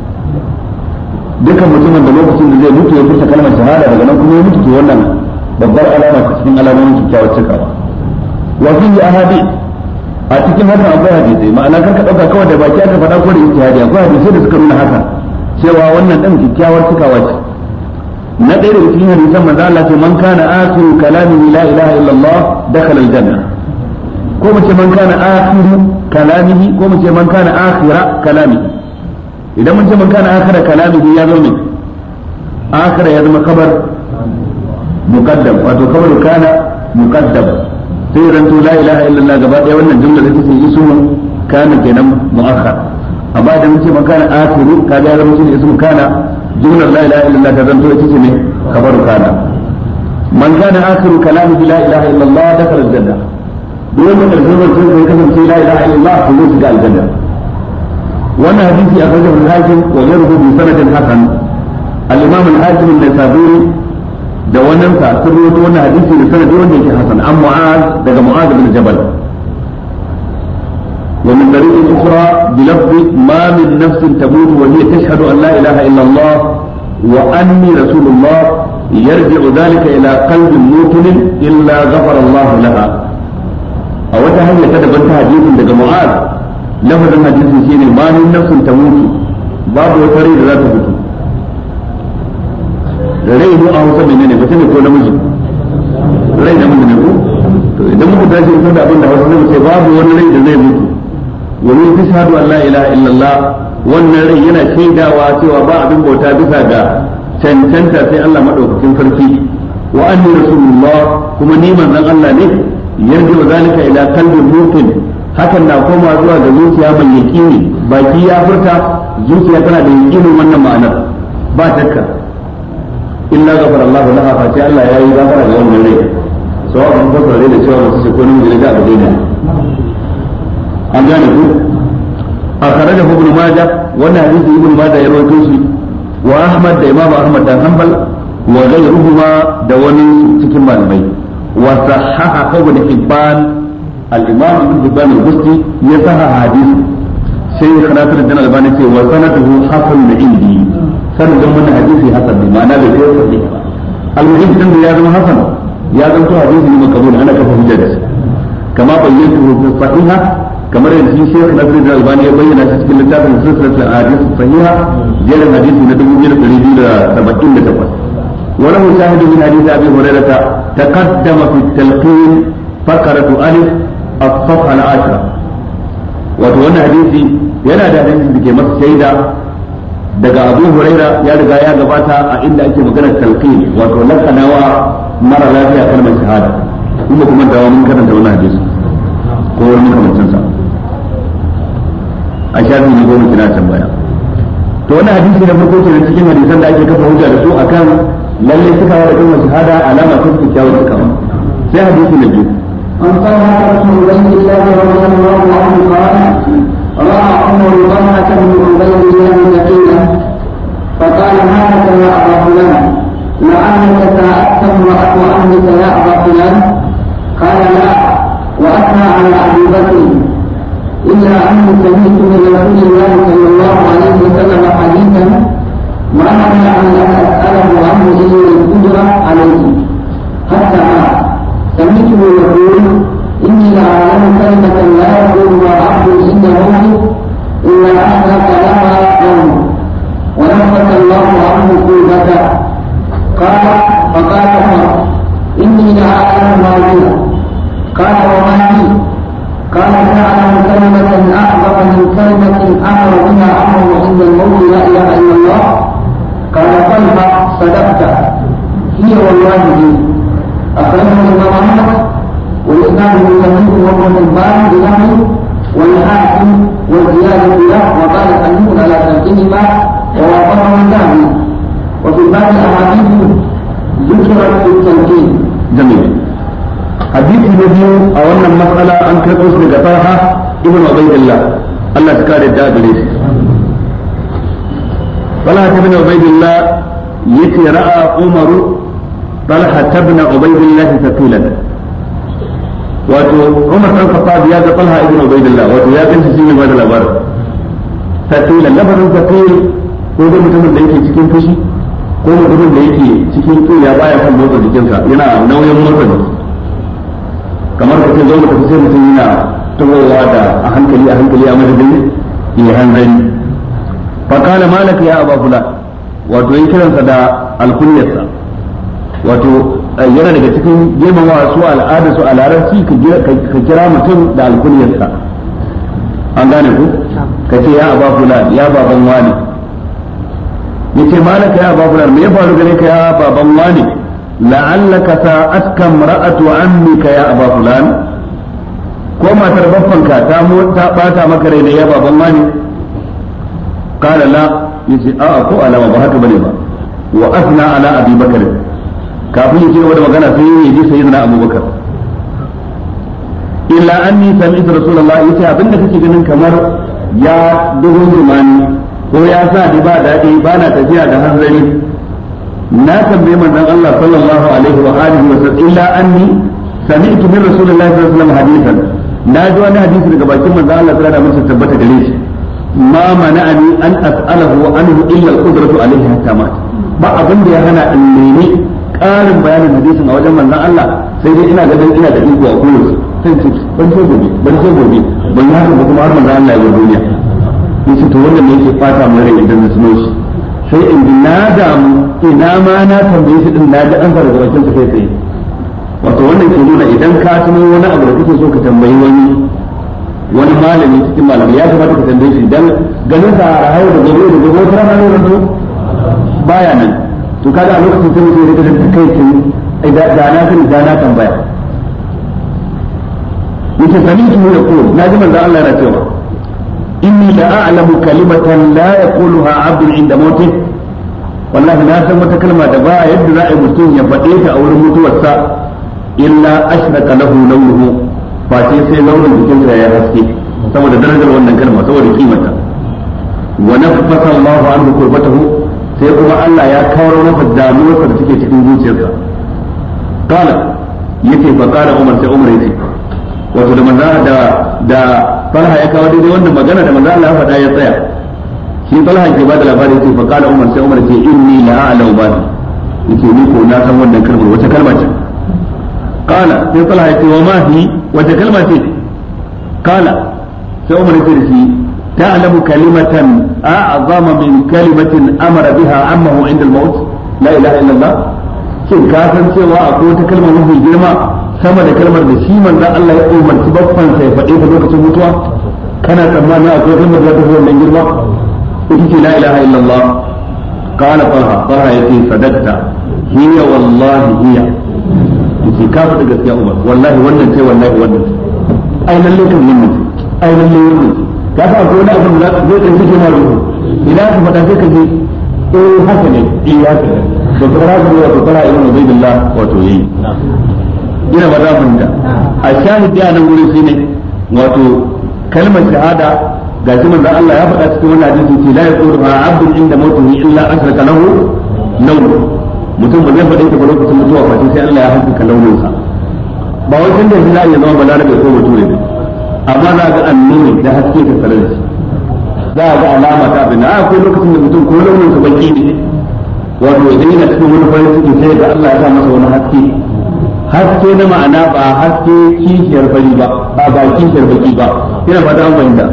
dukkan mutumin da lokacin da zai mutu ya furta kalmar shahada daga nan kuma ya mutu to wannan babbar alama ta cikin alamomin kyakkyawar cikawa wa fi ahadi a cikin hadin akwai hadisi ma'ana kan ka dauka kawai da baki aka faɗa ko da ijtihadi akwai hadisi da suka nuna haka cewa wannan din kyakkyawar cikawa ce na ɗaya daga cikin hadisan manzo Allah lafiya man kana akhiru kalamihi la ilaha illallah dakhala aljanna ko mu ce man kana akhiru kalamihi ko mu ce man kana akhira kalamihi idan mun ce mun kana akhara kalamihi ya zama akhara ya zama kabar muqaddam wato kabar kana muqaddam sai ranto la ilaha illallah gaba daya wannan jumla da take ismu kana kenan muakhar amma idan mun ce mun kana akhiru kaga ya zama shine ismu kana jumlar la ilaha illallah ta zanto ita ce ne kabar kana man kana akhiru kalamihi la ilaha illallah dakhala aljanna duk wanda karshen zance ya kasance la ilaha illallah to zai shiga aljanna wannan hadisi a rajab al-hakim wa yaruhu bi sanadin hasan al-imam al-hakim an-nasaburi da wannan sa sun rawaito wannan hadisi da sanadi wanda yake hasan an mu'az daga mu'az bin jabal ومن طريق أخرى بلفظ ما من نفس تموت وهي تشهد أن لا إله إلا الله وأني رسول الله يرجع ذلك إلى قلب موطن إلا غفر الله لها ta هي كتبت حديث lafazin hadisin shine ma min nafsin ta mutu babu wata rai da za ta mutu rai mu a hausa mai nane mutum ne ko namiji rai da mutum ne ko to idan muka tashi ko da abin da hausa zai ce babu wani rai da zai mutu wa min shahadu an la ilaha illallah wannan rai yana shaidawa cewa ba abin bauta bisa ga cancanta sai Allah madaukakin sarki wa annu rasulullah kuma ni manzon Allah ne yanzu zalika ila qalbi mutum hakan na koma zuwa da zuciya mai yaqini baki ya furta zuciya tana da yaqinin wannan ma'anar ba takka illa ghafara Allah da fa sai Allah yayi gafara ga wannan rai sawa ban fasara da cewa wasu su ko namiji da abu ne an gane ku da hukumar maja wannan hadisi ibn maja ya rawaito shi wa ahmad da imam ahmad dan hanbal wa ghayruhuma da wani cikin malamai wa sahahahu ibn hibban al-imam ibn hibban al-busti ya saha hadisi sai ya karatar da albani ce wa sanaduhu hasan da indi sanadin wannan hadisi hasan ne ma'ana da kai sai al-muhim din da ya zama hasan ya zanto hadisi ne makabul ana kafa hujja da shi kama bayyana fi sahiha kamar yanzu ya bayyana shi cikin littafin silsilatul ahadith sahiha jerin hadisi na da ɗari biyu da saba'in da takwas وله شاهد من حديث ابي هريره تقدم في التلقين فقره الف as wato wannan hadisi yana da hadisi da ke masa shaida daga Abu Huraira ya riga ya gabata a inda ake magana talqin wato lakanawa mara lafiya kalmar shahada kuma kuma da mun karanta wannan hadisi ko wani makamancin a shafin ne goma kina can baya to wannan hadisi na farko kenan cikin hadisan da ake kafa hujja da su akan lalle suka da kalmar shahada alama ta kyakkyawar sukawa sai hadisi na biyu عن طلحة بن عبيد الله رضي الله عنه قال رأى عمر طلحة بن عبيد الله يقينا فقال هلك يا أبا فلان لعلك ساءت امرأة
أهلك يا أبا فلان قال لا وأثنى على أبي بكر
إلا أني سمعت من رسول الله صلى الله عليه وسلم حديثا ما منعني أن أسأله عنه إلا القدرة عليه
حتى مات سمعته يقول إني لأعلم كلمة لا يقولها عبد إلا روحي إلا أهلك لها قوم ونفت الله عنه قوته قال فقال عمر
إني لأعلم ما هي قال وما هي قال تعلم كلمة أعظم من كلمة أمر بها عمر عند الموت لا إله إلا الله قال طلحة صدقت هي والله دين أخرجه الإمام أحمد والإسلام المتميز وهو من باب بنحو والحاكم وزياد له وقال حنون على تركهما ووافقه الذهبي وفي باب الأحاديث ذكرت في التمكين. جميل. حديث نبي أو أن المسألة أن كرقص لقطاها ابن عبيد الله الله تكاد الدابليس طلعت ابن عبيد الله يتي رأى عمر talha tabna ubaydillah tafilan wato Umar dan Khattab ya ga Talha ibn Ubaydillah wato ya ganta shi ne ba da labarin tafilan lafazin ko da mutumin da yake cikin fushi ko mutumin da yake cikin kiyaye baya kan motsa jikinsa yana nauyin motsa jiki kamar ka ce zo mu tafi sai mutum yana tawowa da a hankali a hankali a madadin ya hanzari fa kana malaka ya abu fulan wato yin kiransa da alkunyarsa wato eh, yana daga cikin girmamawa su al'ada su a larabci ka kira mutum da alkunyarsa an gane ku ka ce ya aba fulan ya baban wani ya ce malaka ya aba fulan me ya faru gare ka ya baban wani la'allaka sa'atka mar'atu ammika ya aba fulan ko matar baffanka ta ta bata maka rai ya baban wani qala la yace a'a ko alama ba haka bane ba wa asna ala abi bakr kafin ya ci gaba da magana sai ya ji sayyidina abubakar illa anni sami'tu rasulullahi yace abinda kake ganin kamar ya dogon jumani ko ya sa ni ba daɗi ba na tafiya da hanzari na tambaye manzon Allah sallallahu alaihi wa alihi wa sallam illa anni sami'tu min rasulillahi sallallahu alaihi wa sallam hadithan na ji wani hadisi daga bakin manzon Allah sallallahu alaihi wa sallam tabbata gare shi ma mana'ani an as'alahu anhu illa al-qudratu alaihi hatta ma ba abin da ya hana in nemi ƙarin bayanin hadisin a wajen manzon Allah sai dai ina ganin ina da iko a koyaushe sai ce ban so gobe ban so gobe ban yi haka ba kuma har manzon Allah ya zo duniya in ce to wannan ne yake fata mu rai idan na suno shi sai in bi na damu ina ma na tambaye shi din na ji an fara gabakin sa kai tsaye wato wannan ke nuna idan ka tuno wani abu da kake so ka tambayi wani wani malami cikin malami ya kamata ka tambaye shi dan ganin sa a rahayu da gobe da gobe wata rana ne ba ya nan to kaga a lokacin sai mutum ya da kai ce da na sani da na tambaya yake sami ki ya ko na ji manzo Allah yana cewa inni la a'lamu kalimatan la yaquluha 'abdun inda mawtih wallahi na san wata kalma da ba yadda za a yi mutum ya faɗe ta a wurin mutuwarsa illa ashraka lahu lawnuhu fa sai sai launin jikinsa ya haske saboda darajar wannan kalma saboda kimarta wa nafasa Allahu anhu qurbatahu sai kuma Allah ya kawar masa damuwarsa da take cikin zuciyarsa kana yake fa kana Umar sai Umar yake wato da manzo da da Talha ya kawo daidai wannan magana da manzo Allah ya faɗa ya tsaya shi Talha ke ba da labarin yake fa kana Umar sai Umar ce inni la a'lamu ba yake ni ko na san wannan kalmar wata kalma ce kana sai Talha ya ce wa ma hi wata kalma ce kana sai Umar ya ce da shi تعلم كلمة أعظم من كلمة أمر بها عمه عند الموت لا إله إلا الله shin ka san cewa akwai wata kalma mafi girma sama da kalmar da shi manzo Allah ya umarci babban sai faɗe ta lokacin mutuwa kana tsammanin akwai kalmar da ta fi wannan girma ita ce la ilaha illallah qala farha farha yace sadaqta hiya wallahi hiya yace ka faɗi gaskiya Umar wallahi wannan ce wallahi wannan ka sa ko wani abin da zai ta ka sai ka ji eh haka ne eh haka ne to wato yi ina ba za mu da a shahidi a nan gurin shine wato kalmar shahada ga shi manzo Allah ya faɗa cikin wannan hadisi ce la yaqulu ma abdun inda illa lahu mutum ba zai faɗa ta lokacin mutuwa ba sai Allah ya haƙƙa launin sa ba wai tunda shi za a iya zama balarabe ko mutum ne amma za ga annuri da haske ta tare da shi za ga alama ta abin a ah, akwai lokacin da mutum ko launin sa baki ne wato idan yana cikin wani farin ciki sai ga Allah ya sa masa wani haske haske na ma'ana ba haske kishiyar fari ba ba ba kishiyar baki ba ina fata an fahimta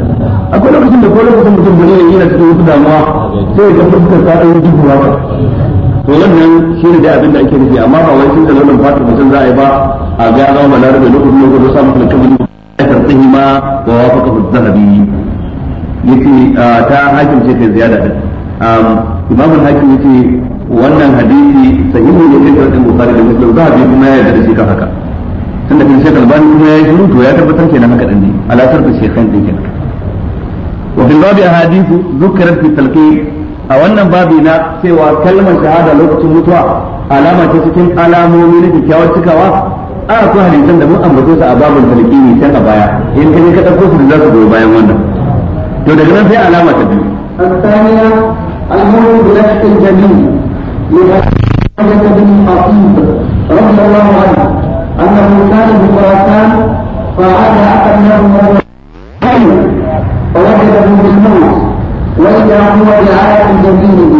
akwai lokacin da ko lokacin mutum bari ne yana cikin wata damuwa sai ga fuskar ta ɗan duhu haka to wannan shi ne dai abin da ake nufi amma ba wai sun da launin fatar mutum za a yi ba a ga zama balarabe lokacin da lokacin samu kamar شرطهما ووافقه الذهبي يتي تا حاكم شيخ زيادة إمام الحاكم يتي wannan hadisi sahihu ne kai sarkin bukhari da muslim zahabi kuma ya yarda da shi ka haka tunda kin shekar bani kuma ya yi shiru to ya tabbatar kenan haka din ne a wannan babi na cewa kalmar shahada lokacin mutuwa alama ce cikin alamomi na kyakkyawar cikawa a ko hadisan da mun ambato su a babul talqini can a baya in kai ka dauko su da za su goyi bayan wannan to daga nan sai alama ta biyu الثانية الأمر بنفس الجميل لحاجة بن خطيب رضي الله عنه أنه كان بخراسان فعاد أكله فوجده بالموت وإذا هو برعاية جميله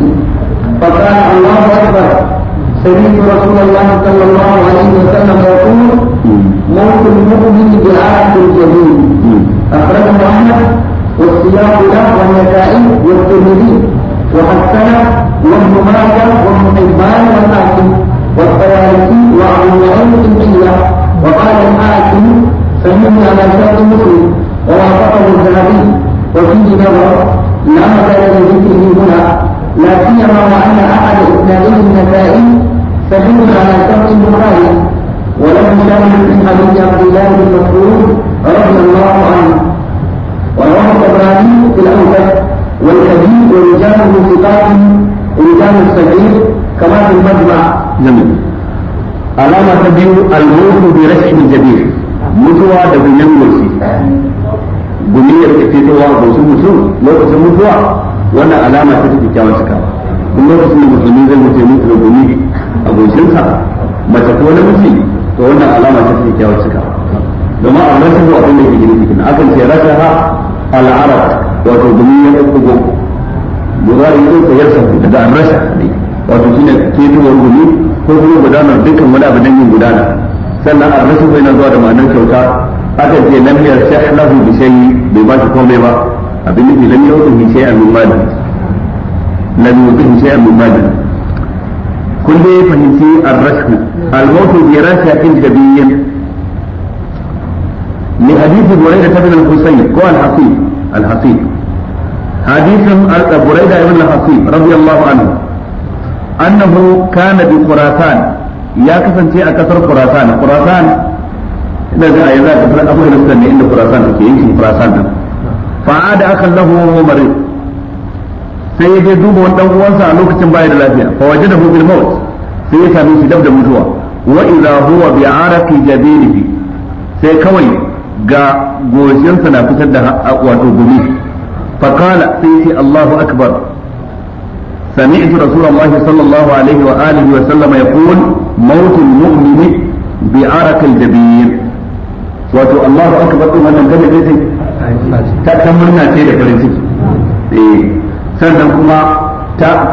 فقال الله أكبر سمعت رسول الله صلى الله عليه وسلم يقول موت المؤمن بعهد الجليل أخرجه أحمد والسياق له والنسائي والترمذي وحسنه وابن ماجه وابن حبان والحاكم وعبد وأبو نعيم الحمية وقال الحاكم سمعني على شرط مسلم
ووافقه الذهبي وفيه نظر لا مدى لذكره هنا لا
سيما وأن أحد إسناده منها شخص مخالف وله شاهد من حديث عبد الله بن مسعود رضي الله عنه ورواه الطبراني في الاوسط والكبير ورجاله ثقات رجال الصغير كما في المجمع جميل نعم. علامة تبيو الموت برشح الجبير mutuwa da gunyan بنية gumiyar da fitowa ga wasu mutum lokacin mutuwa wannan alama ta ta kyakkyawar cikawa duk lokacin da musulmi zai mutu mutu da abokinsa mace ko namiji to wannan alama ta fi kyawar cika domin a rashin zuwa abin da yake gini cikin akan ce rashin ha al'arab wato gumi ya ɗauko go gudari yi ɗauko ya sauku daga an rasha ne wato shi ne ketowar gumi ko kuma gudanar dukkan wani abu dangin gudana sannan an bai na zuwa da ma'anar kyauta aka ce lam yashahu bi shay'i bai ba shi komai ba abin nufi lam yautu bi shay'an min mali lam yautu bi shay'an min mali kun dai fahimci al rashu al-mautu bi rashatin jabiyyin li hadithi buraida ibn al-husayn ko al-hasib al-hasib hadithin al-buraida ibn al-hasib radiyallahu anhu annahu kana bi khurasan ya kasance a kasar khurasan khurasan ina ga yanzu a kasar suka ne inda khurasan take yankin khurasan din fa'ada akan lahu marid sai ya je duba wani dan uwansa a lokacin bayar da lafiya fa wajadahu bil maut sai ya same shi dab da mutuwa wa idha huwa bi araqi jabinihi sai kawai ga goshinsa na fitar da wato gumi fa qala sai ce Allahu akbar سمعت رسول الله صلى الله عليه وآله وسلم يقول موت المؤمن بعرق الجبين wato Allahu akbar din wannan gaba ne ta ta murna ce da farin ciki eh sannan kuma ta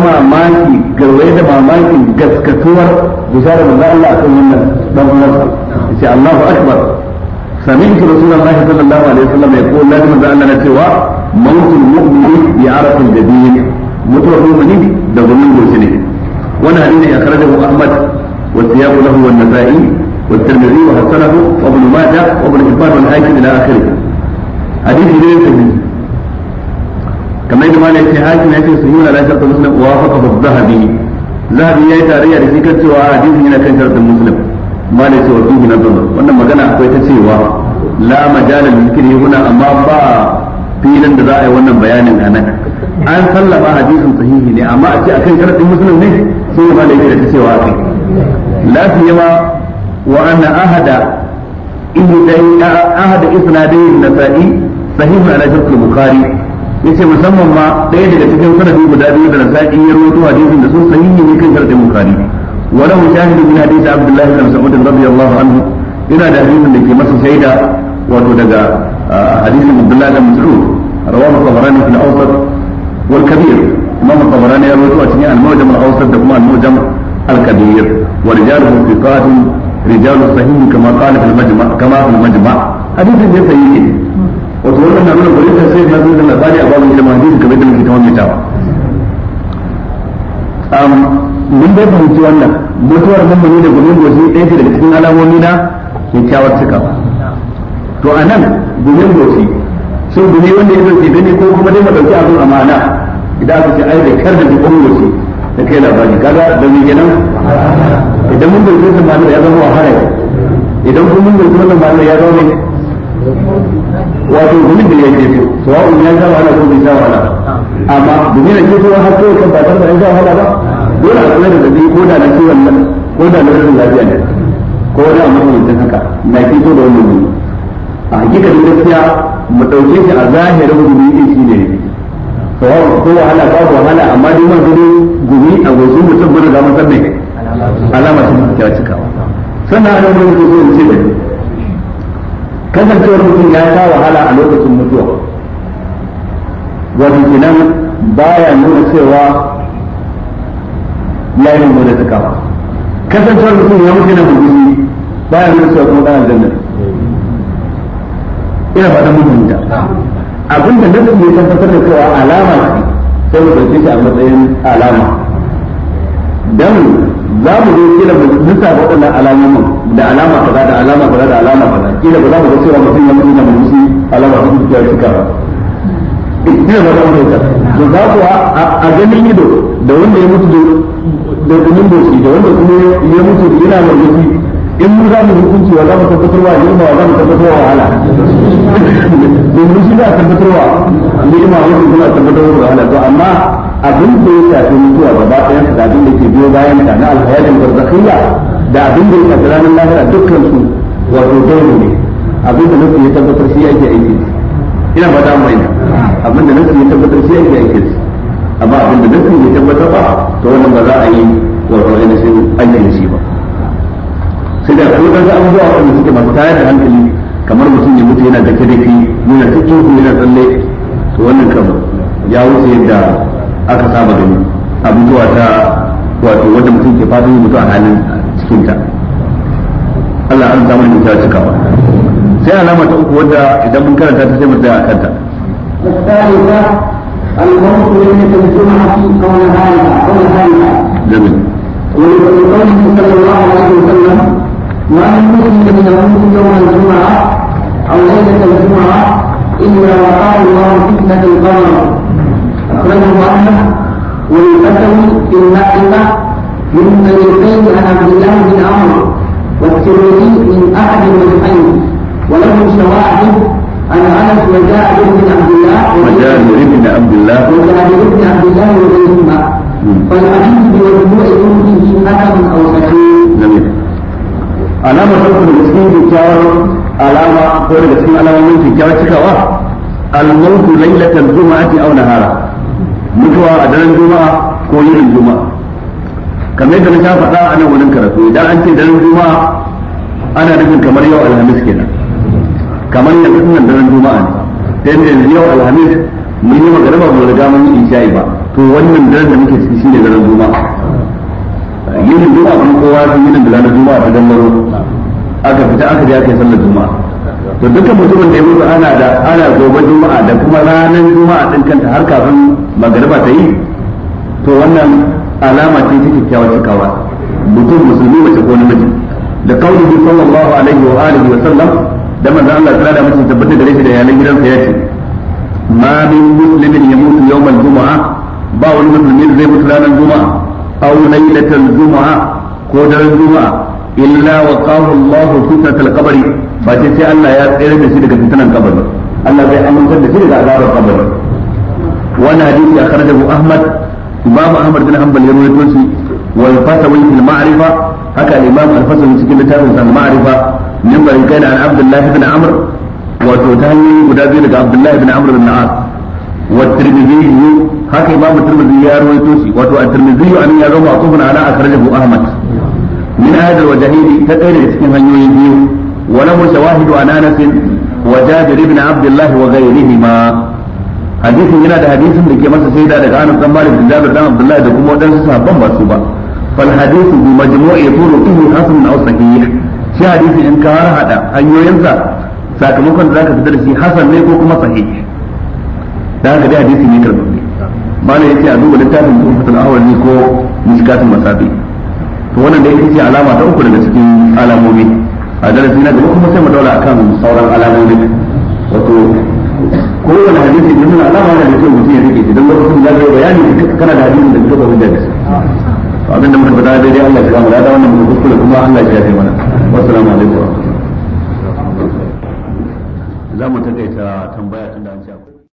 mamaki garwaye da mamakin gaskatuwar bishara manzo Allah da wannan dan uwansa yace Allahu akbar سمعت رسول الله صلى الله عليه وسلم يقول da أن na cewa موت المؤمن بعرف جديد mutuwar mumini da gumin goshi ne wannan hadisi ya kharajahu ahmad wa siyabu lahu wa nasa'i wa tirmidhi wa hasanahu wa ibn majah wa ibn hibban wal hakim ila akhirih hadisi ne sahihi kamar da malai sai hakim ya ce su yuna la shartu muslim wa faqa bi dhahabi zahabi yayi tarayya da shi kan cewa hadisi yana kan shartu muslim malai sai wa dubi na wannan magana akwai ta cewa la majala lil zikri huna amma ba filin da za a yi wannan bayanin a nan an sallama hadisin sahihi ne amma a ce akan ne sai ta cewa wa أحد إسنادين النسائي صحيح على شرط البخاري yace musamman ma ɗaya daga cikin sanadi guda biyu da nasaki ya rawaito hadisin da sun sahihi ne kan garɗin bukhari wa lahu shahidu min hadisi abdullahi bin mas'ud radiyallahu anhu yana da hadisin da ke masa shaida wato daga ah, hadisin abdullahi bin mas'ud rawahu tabarani fil awsat wal kabir imam tabarani ya a cikin al-mawjam al da kuma al-mawjam al-kabir wa rijaluhu thiqatun rijalu sahih kama qala fil majma' wato wannan na nuna gurin sai na zuwa labari a babu ilmin hadisi kamar da muke ta mamaitawa mun dai ci wannan mutuwar mun ne da gumin goshi ɗaya ce daga cikin alamomi na kyakkyawar cikawa to a nan gumin goshi sun gumi wanda ya zai gani ko kuma dai madauki abin amana idan aka ce ai da kar da gumin goshi da kai labari kaga da mu kenan idan mun dauki sun da ya zama wahala idan kuma mun dauki sun da ya zama
wato gumin da yake ke to sawa'un ya sha wahala ko bai sha wahala amma domin da ke
har kawai kan ba da ya sha ba dole a kula da dabi ko da na kiwon nan ko da na rashin lafiya ne ko da wani a makamancin haka na ki fito da wannan ne a hakikalin gaskiya mu dauke shi a zahirin gumi ne shi ne to sawa'un ko wahala ba wahala amma dai mun gudu gumi a gosun mutum mana ga mun san mai alama ce mutum ya cikawa sannan a nan gudu ko da kasancewar mutum ya sha wahala a lokacin mutuwa wato kenan baya nuna cewa ya yi mummuna suka ba kasancewar mutum ya mutu na mummuni baya nuna cewa kuma ɗan aljanna ina faɗin mummuni da abinda nasu ne tabbatar da cewa alama ce sai mu ɗauke shi a matsayin alama dan za mu zo kila mu lissa waɗannan alamomin da alama kaza da alama kaza da alama kaza kila ba za mu ga cewa mutum ya mutu na shi alama ta kuka ya cika ba ina ba mu da za ku a ganin ido da wanda ya mutu da dumin doshi da wanda kuma ya mutu da yana wani in mun za mu hukunci wa za mu tabbatar wa ni'ima wa za mu tabbatar wa wahala domin shi za a tabbatar wa ni'ima wa za mu tabbatar wa wahala to amma abin da ya shafi mutuwa ba ɗayan su da abin da ke biyo bayan ta na alhayatin barzakhiyya da abin da ya shafi ranar lahira dukkan su wato dole ne abin da nufi ya tabbatar shi ake aiki ina ba da mai abin da nufi ya tabbatar shi ake aiki amma abin da nufi ya tabbatar ba to wannan ba za a yi wato ainihin yi shi ba sai da kuma ɗansu abubuwa wanda suke masu tayar da hankali kamar mutum ya mutu yana da kadafi yana ta ihu yana tsalle to wannan kam ya wuce yadda aka saba gani abubuwa ta wato wanda mutum ke fata yi mutu a halin cikin ta Allah an samu da ta cika ba sai alama ta uku wadda idan mun karanta ta sai mu tsaya a kanta الموت ليلة الجمعة صلى الله عليه وسلم ما من مسلم يموت يوم الجمعة أو ليلة الجمعة
إلا وقع الله فتنة القمر أخرجه أحمد
والبكري في المعرفة من طريقين عن عبد الله بن عمرو والترمذي من أحد الوجهين وله شواهد عن أنس وجابر بن عبد الله وجابر بن عبد الله وجابر بن عبد الله وغيرهما فالحديث بمجموع كله حسن أو صحيح جميل alamar farko da cikin kyakkyawar alama ko daga cikin alamomin kyakkyawar cikawa al-mawtu laylatan jumu'ati aw nahara mutuwa a daren juma'a ko yin juma'a kamar yadda na sha faɗa a nan wurin karatu idan an ce daren juma'a ana nufin kamar yau alhamis kenan kamar yanzu nan daren juma'a ne sai da yau alhamis mun yi magana ba mu riga mun yi isha'i ba to wannan daren da muke ciki shine daren juma'a yin juma'a kuma kowa sun yi da daren juma'a ta dallaro aka fita aka je aka yi sallar juma'a to duka mutumin da ya mutu ana da ana gobe juma'a da kuma ranar juma'a din kanta har kafin magariba ta yi to wannan alama ce ta kyakkyawar cikawa mutum musulmi mace ko namiji da bi sallallahu alaihi wa alihi wa sallam da manzo Allah ta da mutum tabbata gare shi da yalan gidansa ya yace. ma min muslimin yamutu yawmal juma'a ba wani musulmi ne zai mutu ranar juma'a aw lailatul juma'a ko daren juma'a illa waqahu Allahu fitnatul qabri ba ce sai Allah ya tsere da shi daga fitinan kabari Allah zai amintar da shi daga azabar kabari wani hadisi ya karjahu Ahmad Imam Ahmad bin Hanbal ya rawaito shi wal fasawi fil ma'rifa haka al-Imam al-Fasawi cikin littafin sa ma'rifa min bari kana an Abdullah ibn Amr wato ta hanyoyi guda biyu daga Abdullah ibn Amr bin As wa Tirmidhi haka Imam Tirmidhi ya rawaito shi wato at-Tirmidhi an ya a aqubun ala a akhrajahu Ahmad min hadha al-wajhaini ta ɗaya daga cikin hanyoyi biyu وله شواهد عن انس وجابر بن عبد الله وغيرهما hadisin yana da hadisin da ke masa shaida daga Anas dan Malik da Jabir dan Abdullah da kuma wadansu sahabban ba su ba fal hadisu bi majmu'i turuqihi hasan aw sahih shi hadisin in ka har hanyoyinsa sakamakon da zaka fitar da shi hasan ne ko kuma sahih da haka dai hadisi ne karbi malai yace a duba littafin Tuhfatul Awali ko Mishkatul Masabi to wannan da yake alama ta uku daga cikin alamomi a darasi na gaba kuma sai mu daura akan sauran alamomin wato ko kowane hadisi da nuna alama da mutum mutum ya rike idan lokacin da zai bayani kana da hadisin da mutum abin da gaske to abin da muka faɗa daidai Allah ya kama da wannan mutum kuskure kuma Allah ya shafe mana wassalamu alaikum za mu takaita